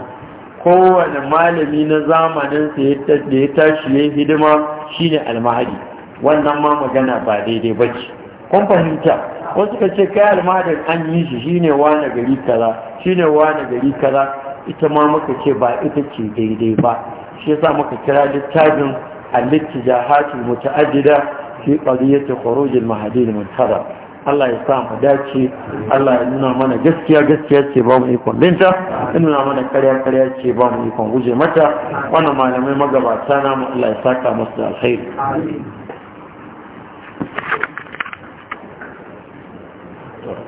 kowane malami na zamanin da ya tashi ya hidima shine almahadi wannan ma magana ba daidai ba ce kun fahimta wasu ka ce kai almadin an yi shi shine wane gari kaza ne wane gari kaza ita ma muka ce ba ita ce daidai ba shi yasa muka kira littafin al-ittijahatul muta'addida fi qadiyati khuruj al-mahdi al-muntazar Allah ya sa mu dace Allah ya nuna mana gaskiya gaskiya ce ba mu ikon binta ya nuna mana ƙarya-ƙarya ce ba mu ikon guje mata wannan malamai magabata na mu Allah ya saka masu alkhairi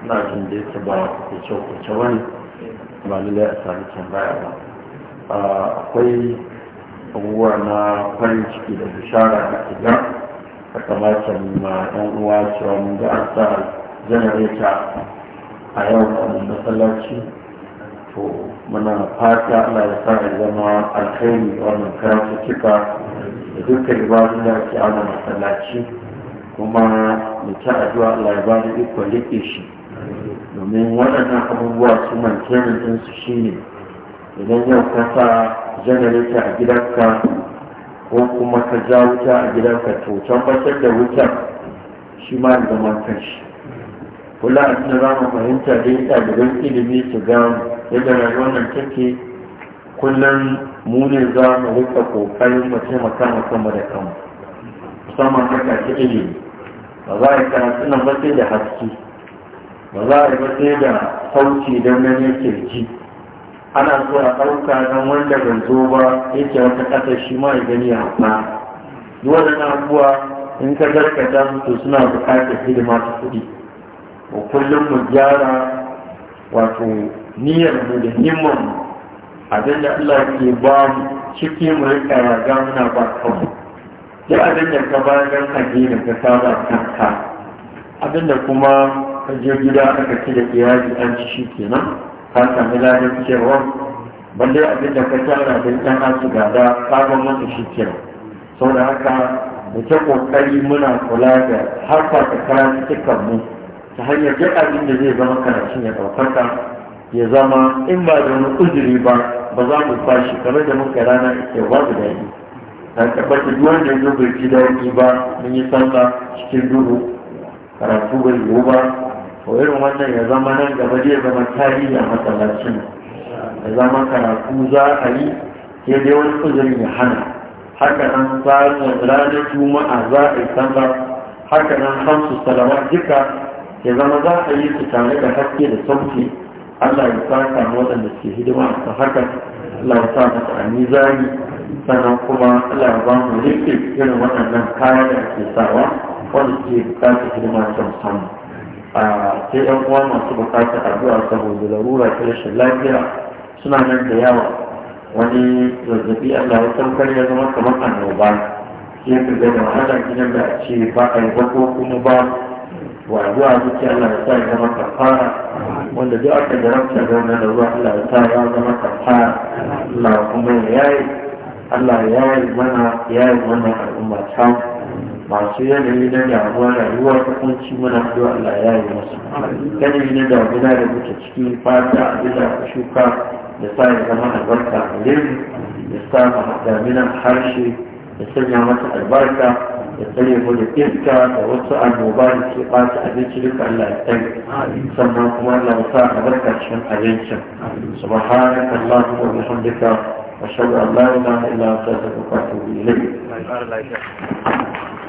na da yake ba kwace-kwace wani ba lalai a sami can baya ba akwai abubuwa na farin ciki da bishara da ke a kamacin ma yan uwa cewa mun ga an sa janareta a yau a masallaci to muna fata ana ya sa zama alkhairi da wannan karatu cika da dukkan ibadun da ake ana masallaci kuma mu a addu'a ala ya ba ikon shi domin waɗannan abubuwa su mantenin su shi ne idan yau ka sa janareta a gidanka ko kuma ka ja wuta a gidanka to tabbatar da wuta shi ma da zaman kanshi kula a cikin za mu fahimta yadda gaban ilimi su ga yadda rayuwar nan take kullum mu ne za mu rika kokarin mu taimaka mu da kanmu musamman haka ta ilimi ba za a yi karatu nan ba sai da haske ba za a yi sai da sauci don nan yake ji ana so a ɗauka don wanda ban zo ba yake wata ƙasar shi ma ya gani a hauka duk na abuwa in ka zarkata to suna buƙatar hidima ta kuɗi ba kullum mu gyara wato niyyar mu da himmar mu abin da Allah ke ba mu ciki mu rika raga muna ba kawai duk abin da ka bayan don ka da ka saba kanka abin da kuma ka je gida aka ci da iyali an ci shi kenan ka sami ladan ciyarwa balle abin da ka tara da ɗan asu gada sabon masa shi kenan da haka mu ta kokari muna kula da harka ta karatukan mu ta hanyar duk abin da zai zama karatun ya ɗaukaka ya zama in ba da wani uzuri ba ba za mu fashi kamar da muka rana ke wa da daɗi a tabbata duk wanda ya zo bai ji daɗi ba mun yi sansa cikin duhu karatu bai yiwu ba ko wannan ya zama nan gaba zai zama tarihi a matsalacin ya zama karatu za a yi sai dai wani kuzin ya hana haka nan tsarin ranar juma'a za a yi haka nan hamsu salama duka ya zama za a yi su tare da haske da sauti allah ya sa samu waɗanda ke hidima a haka allah ya sa masa sannan kuma allah ya ba mu irin waɗannan kayan da ke sawa wanda ke bukatar hidima ta musamman a sai yan uwa masu bukatar addu'a saboda larura ta rashin lafiya suna nan da yawa wani zazzabi Allah ya saukar ya zama kamar annoba sai ka ga da wahala gidan da a ce ba a yi ba kuma ba wa addu'a zuci Allah ya sa ya zama kafara wanda duk aka jarabta da wannan larura Allah ya sa ya zama kafara Allah kuma ya yi Allah ya yi mana ya yi mana al'umma ta masu yanayi na damuwa rayuwar hukunci muna zuwa Allah ya yi masu yanayi na damuwa da muke cikin fata a bisa shuka da sa ya zama albarka a gare da sa ma harshe da sanya masa albarka da tsare mu da iska da wasu annoba da ke ɓata abinci duka Allah ya tsare sannan kuma Allah ya sa albarka cikin abincin subhanaka allahumma wa bihamdika أشهد la ilaha illa anta astaghfiruka wa atubu ilayk